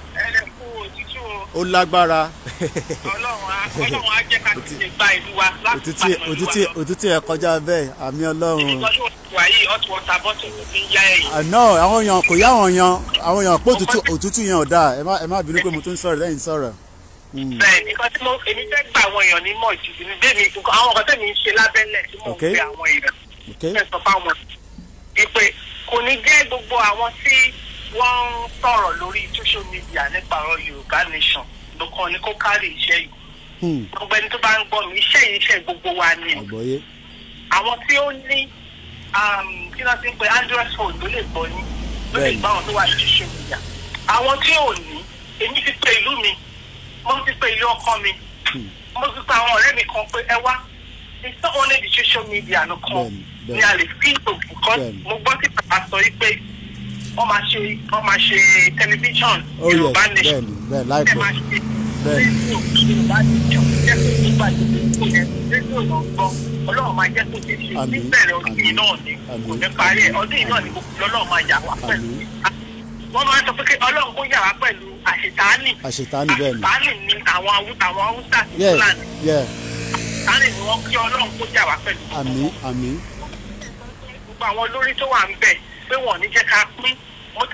ó lágbára. ọlọ́run á jẹ́ ká ti lè gba ìlú wa láti pa ìlú wa lọ. òtútù ẹ̀ kọjá bẹ́ẹ̀ àmì ọlọ́run. èmi kan yóò wà yìí ọ̀tún ọ̀tà bọ́tù tó fi ń yá ẹ̀yìn. àná àwọn èèyàn kò yá àwọn èèyàn àwọn èèyàn pé òtútù yẹn ò hmm. mo èmi fẹ́ gba àwọn èèyàn ní mọ̀ jù ní bẹ́ẹ̀ mi àwọn ọ̀gá tẹ̀mí ń ṣe lábẹ́lẹ̀ tí mo ń pe àwọn èèyàn fẹ́ sọ fáwọn ìpè kò ní jẹ́ gbogbo àwọn tí wọ́n ń sọ̀rọ̀ lórí social media nípa ọ̀rọ̀ yorùbá nation ló kàn ní kó kárí iṣẹ́ yìí hmm. gbogbo ẹni tó bá ń gbọ́ mi iṣẹ́ yìí iṣẹ́ gbogbo wa ni àwọn tí ó ní um, kí wọ́n ti ń pe android phone ló lè gbọ́ ní ló lè gbọ́ àwọn tó wà ní social media àwọn tí ò ní èmi ti pe ìlú mi mo ti pe ilé ọkọ mi hmm. mo ti pe àwọn ọ̀rẹ́ mi kan pé ẹ wá it's not only the social media nìkan ni a lè fi ìtò kan mo gbọ́ sí pàpà sọ yìí pé wọ́n máa ṣe wọ́n máa ṣe tẹlifíṣàn oh, yorùbá nation bẹ́ẹ̀ láìpẹ́ bẹ́ẹ̀. yorùbá nation jẹ́ kó tó bàjẹ́ kó yẹ rédíò lọ gbọ́ ọlọ́run máa jẹ́ kó ṣe ṣe níbẹ̀rẹ̀ ọdún yìí náà ni kò ní parí ẹ̀ ọdún yìí náà ni gbogbo ọlọ́run máa yà wá pẹ̀lú wọ́n máa sọ pé kí ọlọ́run kó yà wá pẹ̀lú àṣetánì àṣetánì bẹ́ẹ̀ ni àṣetánì ni àwọn àwọn haúsá ti fúlàní àṣetánì ni wọ́n kí ọlọ́run kó yà wá pẹ̀lú. àmín àmín. gbogbo àwọn olórí tó wà ń bẹ̀ pé wọn ò ní jẹ́ ká pín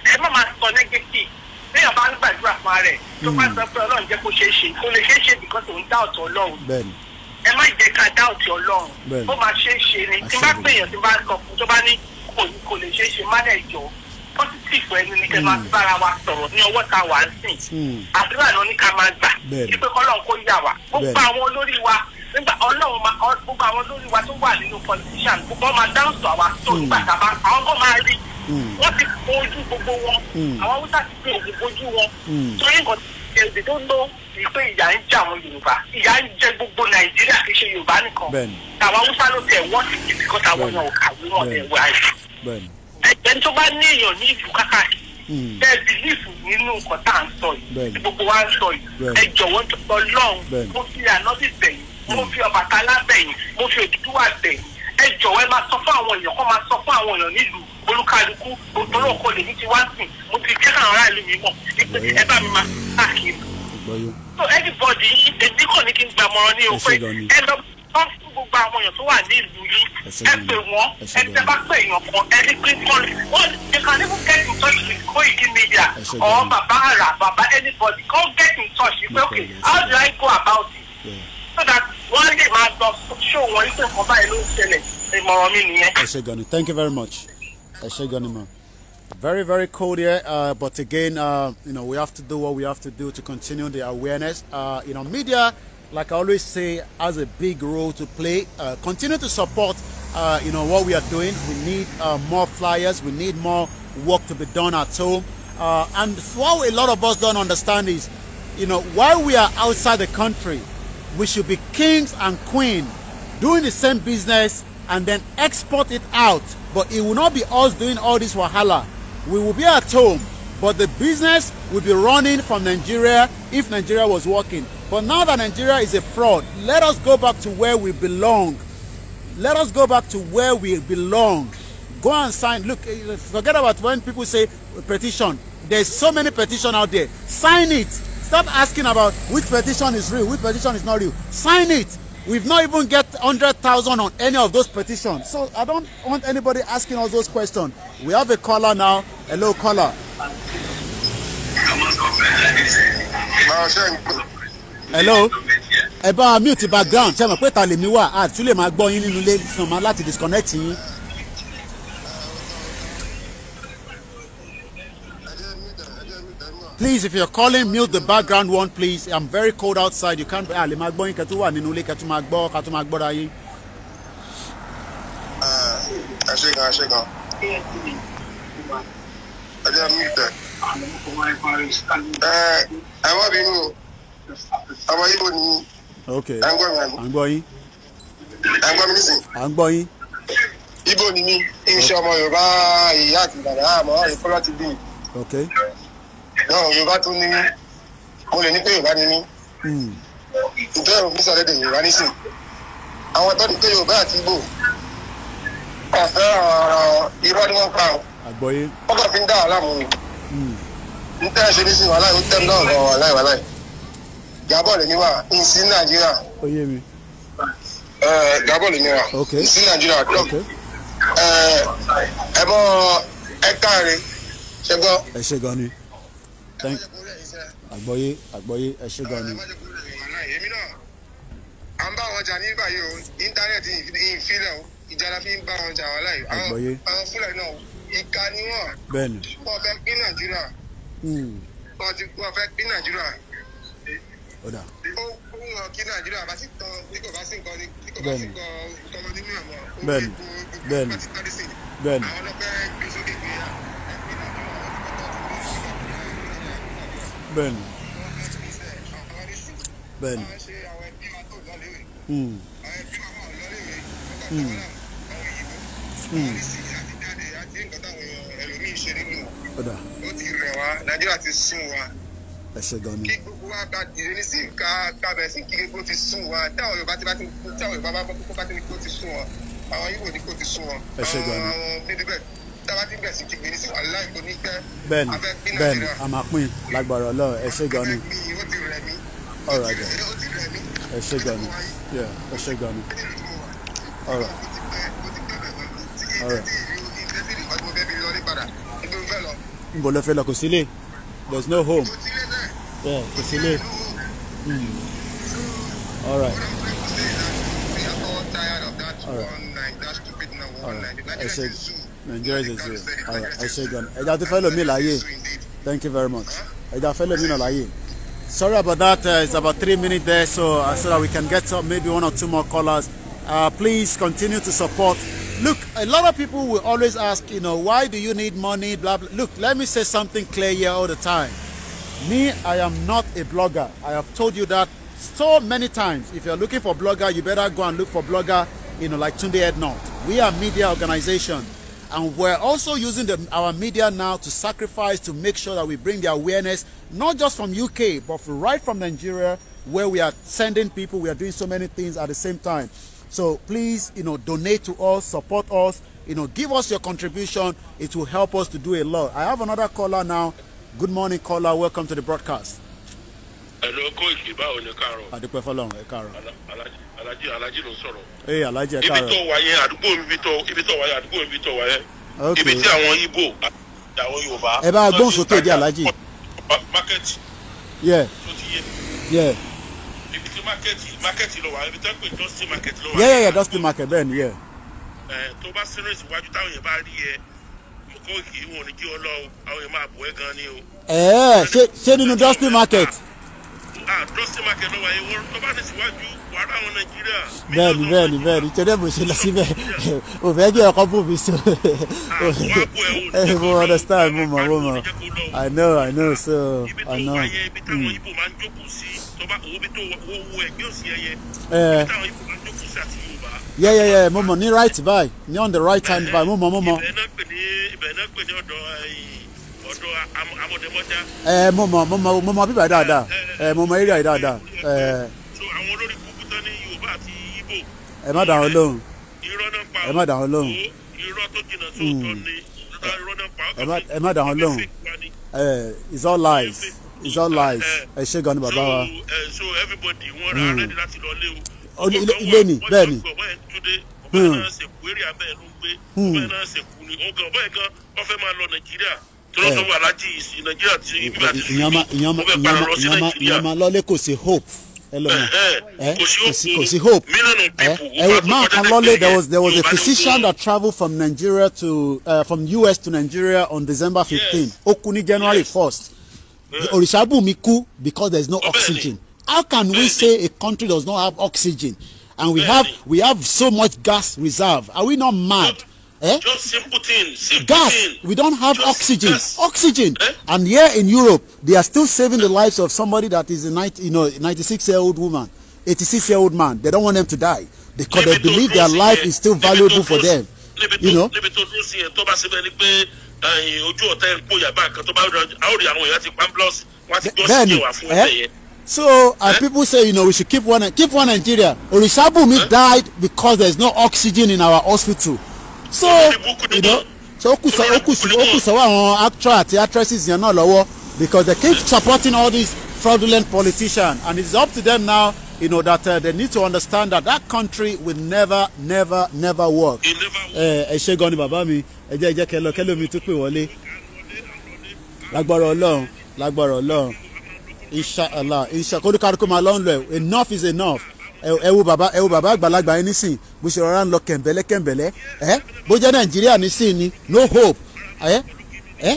ẹ má máa sọ negative téèyàn bá ń gbàdúrà fún ara ẹ̀ tó bá sọ pé ọlọ́run jẹ́ kó ṣeé ṣe kó lè ṣeé ṣe because òun dá ọ̀tọ̀ ọlọ́run ẹ má jẹ́ ká dá ọ̀tọ̀ ọlọ́run ó máa ṣeé ṣe ni tí bá pèèyàn tí bá sọ fún tó bá ní kò lè ṣeé ṣe má dẹ̀ jọ positive ẹni ní kẹ máa fi hmm. bára wa sọ̀rọ̀ ní ọwọ́ ta wà á sìn hmm. àdúrà náà ní ká máa gbà kí pé kọ́lọ́n nígbà ọlọ́run ma gbogbo àwọn lórí wa tó wà nínú politician gbogbo ọmọ dáhùn sọ àwa tó hmm. nígbà tábà àwọn kan máa rí hmm. wọ́n ti fojú gbogbo wọn hmm. àwọn haúsá ti fi òògùn fojú wọn torí nǹkan èdè tó lọ ìpè ìyà ń jẹ àwọn yorùbá ìyà ń jẹ gbogbo nàìjíríà kì í ṣe yorùbá nìkan àwọn haúsá ló tẹ wọ́n ti kìí kọ́ táwọn náà kàwé wọn ẹ̀ wá yìí ẹni tó bá ní èèyàn ní ìlú kákàkiri bẹ́ẹ̀ bìlífù nínú nǹkan tá à ń sọ yìí gbogbo wa ń sọ yìí ẹ jọ̀wọ́ ọlọ́run mo fi ànábì bẹ̀yìn mo fi Ọbàtálá bẹ̀yìn mo fi Odùduwà bẹ̀yìn ẹ jọ̀wọ́ ẹ máa sọ fún àwọn èèyàn kó máa sọ fún àwọn èèyàn nílùú olúkálukú òtòrò ọkọ lèmi ti wá sìn mo ti jẹ́ káwọn aráàlú mi mọ̀ ẹ bá mi máa káàkiri. so everybody èmi kàn ní kí n gbàmọ̀ràn ní o ẹ lọ wọ́n fún gbogbo àwọn èèyàn tó wà ní ìlú yìí ẹ pè wọ́n ẹ tẹ bá pè èèyàn kan ẹ ní pé kọ́lù wọ́n they can even get in touch with Koiki media or baba ara baba anybody come get in touch with me okay how do I go about it. Yeah. thank you very much Very, very cold here, uh, but again, uh, you know, we have to do what we have to do to continue the awareness. Uh, you know, media, like I always say, has a big role to play. Uh, continue to support, uh, you know, what we are doing. We need uh, more flyers. We need more work to be done at home. Uh, and what a lot of us don't understand is, you know, while we are outside the country, we should be kings and queens, doing the same business and then export it out but it will not be us doing all this wahala we will be at home but the business will be running from Nigeria if Nigeria was working but now that Nigeria is a fraud let us go back to where we belong let us go back to where we belong go and sign look eh, forget about when people say petition there's so many petition out there sign it Stop asking about which petition is real, which petition is not real. Sign it. We've not even get hundred thousand on any of those petitions. So I don't want anybody asking all those questions. We have a caller now. Hello, caller. Hello. Ẹ bá mute background ṣe mọ̀ pé ta lèmi wà àtúlè máa gbọ́ yín nínú ilé ìfúnmọ́ láti disconnect yín. please if you're calling mute the background one please i'm very cold outside you can't ah le máa gbọ́ yín kẹ́tù wà nínú ilé kẹ́tù máa gbọ́ kẹ́tù máa gbọ́ra yín. Eh, ẹ ṣe gan ẹ ṣe gan ẹ jẹ́ mí tẹ̀. Eh, ẹ ẹ wá bínú ọmọ ibo ni. ok ẹ ń gbọ́ mi àgbọ̀. à ń gbọ́ yín. ẹ ń gbọ́ mi nísìn. à ń gbọ́ yín. ibo ni mí iṣẹ́ ọmọ yorùbá ìyá àti bàbá àmọ́ ìkọ́lá ti bí. ok. okay náà yorùbá tún ní mo lè ní pé yorùbá ni mí ìtọ́ hmm. yorùbá sọ̀rọ̀ èdè yorùbá nísìn àwọn tó ní pé yorùbá àti ibo kò fẹ́ irọ́ ni wọ́n pa o wọ́n kàn fi ń dá wàhálà mú mi hmm. n tẹ́ ẹ ṣe ní sin wàhálà yìí ó tẹ́ mi náà lọ wàhálà yìí wàhálà yìí Gabon lè ní wa n sí Nàìjíríà Gabon lè ní wa n sí Nàìjíríà ẹ bọ́ ẹ káre ṣe gbọ́. ẹ ṣe gan ni thank àgbọ́yé àgbọ́yé ẹ ṣé gan ni. èmi náà à ń bá wọn jà ní báyìí o íńtánẹ́ẹ̀tì ìfilẹ̀ o ìjàlá fi ń bá wọn jà wọn láì. àgbọ́yé àwọn fúlẹ̀ náà ìka ni wọ́n. bẹ́ẹ̀ni. wọ́n hmm. fẹ́ pín nàìjíríà. wọ́n fẹ́ pín nàìjíríà. ó dà. ó kún wọn kí nàìjíríà bá ti tán bí kò bá sí nǹkan ni kò bá sí nǹkan ọmọdé ní àmọ́. bẹ́ẹ̀ni bẹ́ẹ̀ni bẹ́ẹ̀ni. àwọn ọlọ́pàá gbèsè Ben. Ben. Mm. Mm. Mm. ọ̀dà. ó ti rẹ̀ wá nàìjíríà ti sún wa. ẹ ṣe gan ni. kí gbogbo wa bá dìde ní sí ká kábẹ̀ sí kí gbogbo ti sún wa táwọn yorùbá ti bá ti táwọn yorùbá bá kókó bá ti ní kó ti sún wa àwọn yìí wò kó ti sún wa. ẹ ṣe gan ni. àwọn bíbí bẹ́ẹ̀ tábà ti bẹ̀rẹ̀ sí ti gbèrè sí wàhálà ìbò ní pẹ́. bẹ́ẹ̀ni bẹ́ẹ̀ni a máa pín lágbára Ọlọ́run ẹ ṣé gan ni ọ̀rọ̀ àjọ ẹ ṣé gan ni ẹ ṣé gan ni ọ̀rọ̀ ọ̀rọ̀ n bò lọ fẹ́ lọ kò sílé there is no home kò sílé alright alright ẹ ṣé. enjoy the zoo ẹ ṣe gan ẹja tó me like láàyè thank you very much ẹja fellow me like láàyè. Sorry about that. Uh, it's about three minutes there, so uh, so that we can get maybe one or two more callers. Uh, please continue to support. Look, a lot of people will always ask, you know, why do you need money? Blah blah. Look, let me say something clear here all the time. Me, I am not a blogger. I have told you that so many times. If you're looking for blogger, you better go and look for blogger. You know, like Tunde Ednot. We are media organization. And we're also using the, our media now to sacrifice to make sure that we bring the awareness, not just from UK, but right from Nigeria, where we are sending people, we are doing so many things at the same time. So please, you know, donate to us, support us, you know, give us your contribution. It will help us to do a lot. I have another caller now. Good morning, caller. Welcome to the broadcast. Hello, coach. Báwo ni káàárọ̀? Adúpẹ́ fọlọ́run, ẹ káàárọ̀. Alájí alhaji alhaji ló ń ee alhaji ẹ káàárọ̀. ibi tó wáyé àdúgbò ibi tó ibi tó wáyé àdúgbò ibi tó wáyé. ok ibi tí àwọn ibo àti àwọn yorùbá. ẹ bá gbọ́n di alhaji. market. yẹ yẹ. ibi tí market market lọ wà ibi tí wọ́n pè dusty market lọ wà. yẹ yẹ yẹ dusty market bẹ́ẹ̀ ni yẹ. ẹ tó bá serious iwájú táwọn yẹn bá rí ẹ kó kì í wọn ni kí ọ lọ àwọn yẹn máa bọ̀ ẹ́ gan ni o. ẹ ẹ ṣé nínú dusty market. ah dusty market lọ wà yẹn wọ́n tó bá ní síwájú bẹ́ẹ̀ni bẹ́ẹ̀ni bẹ́ẹ̀ni torí mo ṣe lọ síbẹ̀ ah, o fẹ́ eh, kí ọkọ bù mí so mo understand mo mọ̀ mo mọ̀ i know i know so i know. yeah yeah yeah mo mọ̀ ní right by ní on the right hand by mo mọ̀ mo mọ̀. ibẹ̀ náà pè ní ọ̀dọ̀ eh, ọ̀dọ̀ amọ̀dẹ́mọ́já. ẹ eh, mo mọ̀ mo mọ̀ mo mọ̀ bíbá dáadáa ẹ mo mọ̀ area dáadáa. so ẹ má dà wọn lóhùn ẹ má dà wọn lóhùn hmm. ẹ má dà lóhùn it's all lies it's all lies ẹ ṣe gan ni bàbá wa. so everybody wọn ra hmm. ilé ni bẹ́ẹ̀ ni. Hmm. Eh. Eh, ìyàmà lọ́lé kò sí hope. Eh, eh, eh. eh, kò sí hope eh, man kan there was there was a physician that travelled from Nigeria to uh, from US to Nigeria on December 15. ó kú ní January first Orisabunmi kú because there is no oxygen how can we say a country does not have oxygen and we have we have so much gas reserve are we not mad. Eh? Just simple thing. Simple Gas. Thing. We don't have Just oxygen. Gas. Oxygen. Eh? And here in Europe, they are still saving the lives of somebody that is a 90, you know, 96 year old woman, 86 year old man. They don't want them to die because they believe their life is still valuable for them. You know. Then, eh? eh? So uh, eh? people say, you know, we should keep one, keep one Nigeria. Orisabumi eh? died because there's no oxygen in our hospital so you know so ó kù sọ ó kù sọ ó kù sọ àwọn actors àti actresses yẹn náà lọ́wọ́ because they keep supporting all these fraudulent politicians and it's up to them now you know that uh, they need to understand that that country will never never never work. Eh, ẹ ṣe gan ni bàbá mi ẹ jẹ́ kẹlọ kẹlọ mi tún pè wọlé lágbára Ọlọ́run lágbára Ọlọ́run inshallah inshallah kórìkàrí máa lọ́n lọ enough is enough ẹ wo Baba, ẹ wo bàbá àgbàlagbà yẹn nísìn bó ṣe rọra ń lọ kẹ̀ǹbẹ̀lẹ́ kẹ̀ǹbẹ̀lẹ́ ẹ bó jẹ́ nàìjíríà nísìn ni no hope ẹ ẹ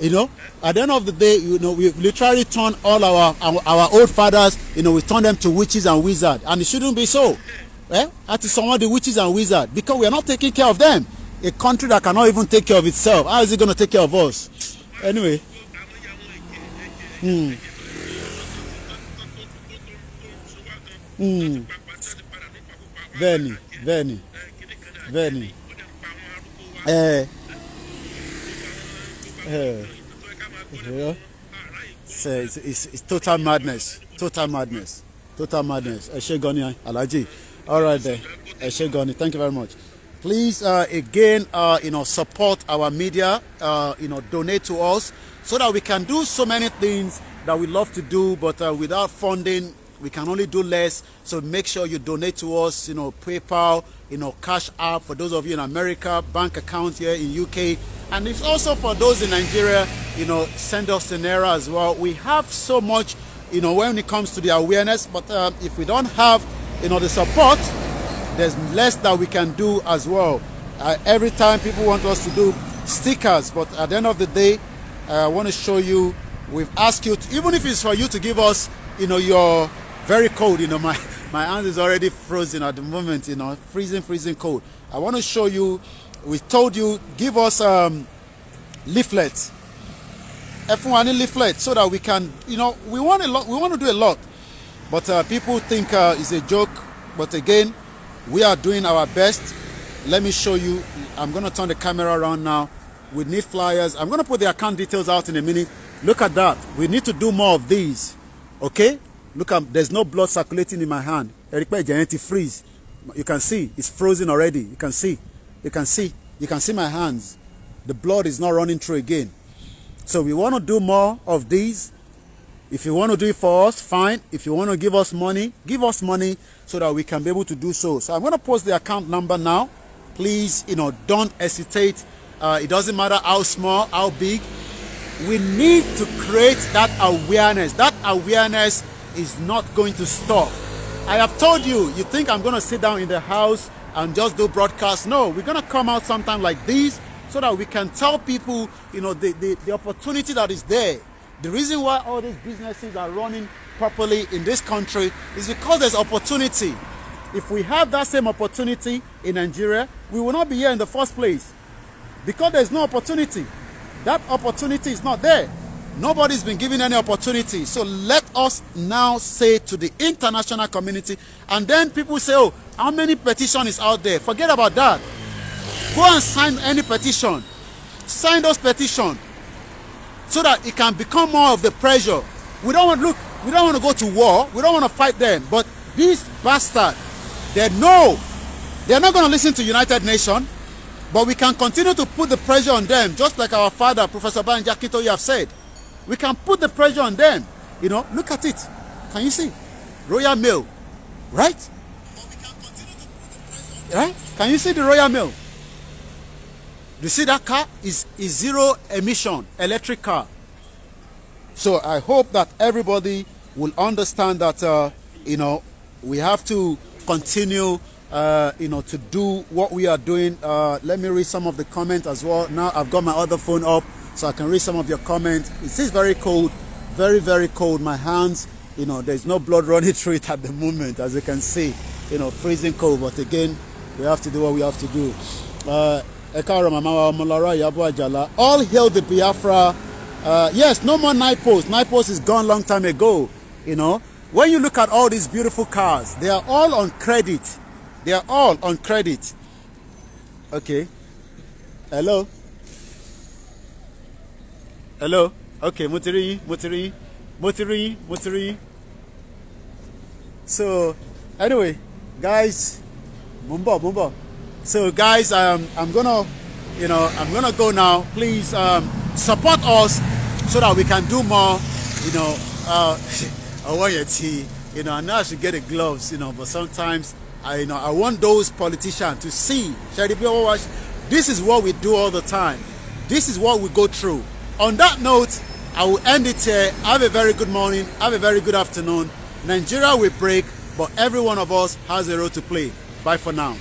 you know at the end of the day you know we literally turn all our our, our old fathers you know we turn them to witches and wizards and it shouldn't be so eh àti sọ wọ́n di witches and wizards because we are not taking care of them a country that cannot even take care of itself how is it gonna take care of us anyway. Hmm. bẹ́ẹ̀ ni bẹ́ẹ̀ it's, it's, total madness total madness total madness ẹ ṣé gan ni all right then I ṣé gan thank you very much please uh, again uh, you know support our media uh, you know donate to us so that we can do so many things that we love to do but uh, without funding we can only do less. So make sure you donate to us, you know, PayPal, you know, Cash App for those of you in America, bank account here in UK. And it's also for those in Nigeria, you know, send us an error as well. We have so much, you know, when it comes to the awareness, but uh, if we don't have, you know, the support, there's less that we can do as well. Uh, every time people want us to do stickers, but at the end of the day, uh, I want to show you we've asked you to, even if it's for you to give us you know your very cold you know my my hand is already frozen at the moment you know freezing freezing cold i want to show you we told you give us um leaflets f1 leaflet so that we can you know we want a lot we want to do a lot but uh, people think uh, it's a joke but again we are doing our best let me show you i'm going to turn the camera around now we need flyers i'm going to put the account details out in a minute look at that we need to do more of these okay look at um, there's no blood circulating in my hand I require pé ẹ̀jẹ̀ freeze you can see it's frozen already you can see you can see you can see my hands the blood is not running through again so we want to do more of these if you want to do it for us fine if you want to give us money give us money so that we can be able to do so so i'm going to post the account number now please you know don't hesitate uh, it doesn't matter how small how big we need to create that awareness that awareness is not going to stop. I have told you, you think I'm going to sit down in the house and just do broadcast? No, we're going to come out sometime like this so that we can tell people, you know, the, the, the opportunity that is there. The reason why all these businesses are running properly in this country is because there's opportunity. If we have that same opportunity in Nigeria, we will not be here in the first place because there's no opportunity. That opportunity is not there. Nobody's been given any opportunity. So let us now say to the international community, and then people say, oh, how many petition is out there? Forget about that. Go and sign any petition. Sign those petition so that it can become more of the pressure. We don't want look, we don't want to go to war. We don't want to fight them. But these bastards, they know they're not going to listen to United Nations. But we can continue to put the pressure on them, just like our father, Professor Banjakito, you have said. We can put the pressure on them. You know, look at it. Can you see? Royal Mail, right? Right? Can you see the Royal Mail? You see that car is, is zero emission electric car. So I hope that everybody will understand that, uh, you know, we have to continue uh, you know, to do what we are doing. Uh, let me read some of the comments as well. Now I've got my other phone up. so I can read some of your comments. It is very cold, very, very cold. My hands, you know, there's no blood running (laughs) through it at the moment, as you can see, you know, freezing cold. But again, we have to do what we have to do. Uh, all hail the Biafra. Uh, yes, no more night post. Night post is gone long time ago, you know. When you look at all these beautiful cars, they are all on credit. They are all on credit. Okay. Hello? hello okay mutiri, mutiri, mutiri, mutiri. so anyway guys mo ń so guys um, i'm gonna you know i'm gonna go now please um, support us so that we can do more you know uh, I want your tea you know I know I should get the gloves you know but sometimes I you know I want those politicians to see this is what we do all the time this is what we go through on that note, I will end it here. Have a very good morning. Have a very good afternoon. Nigeria will break, but every one of us has a role to play. Bye for now.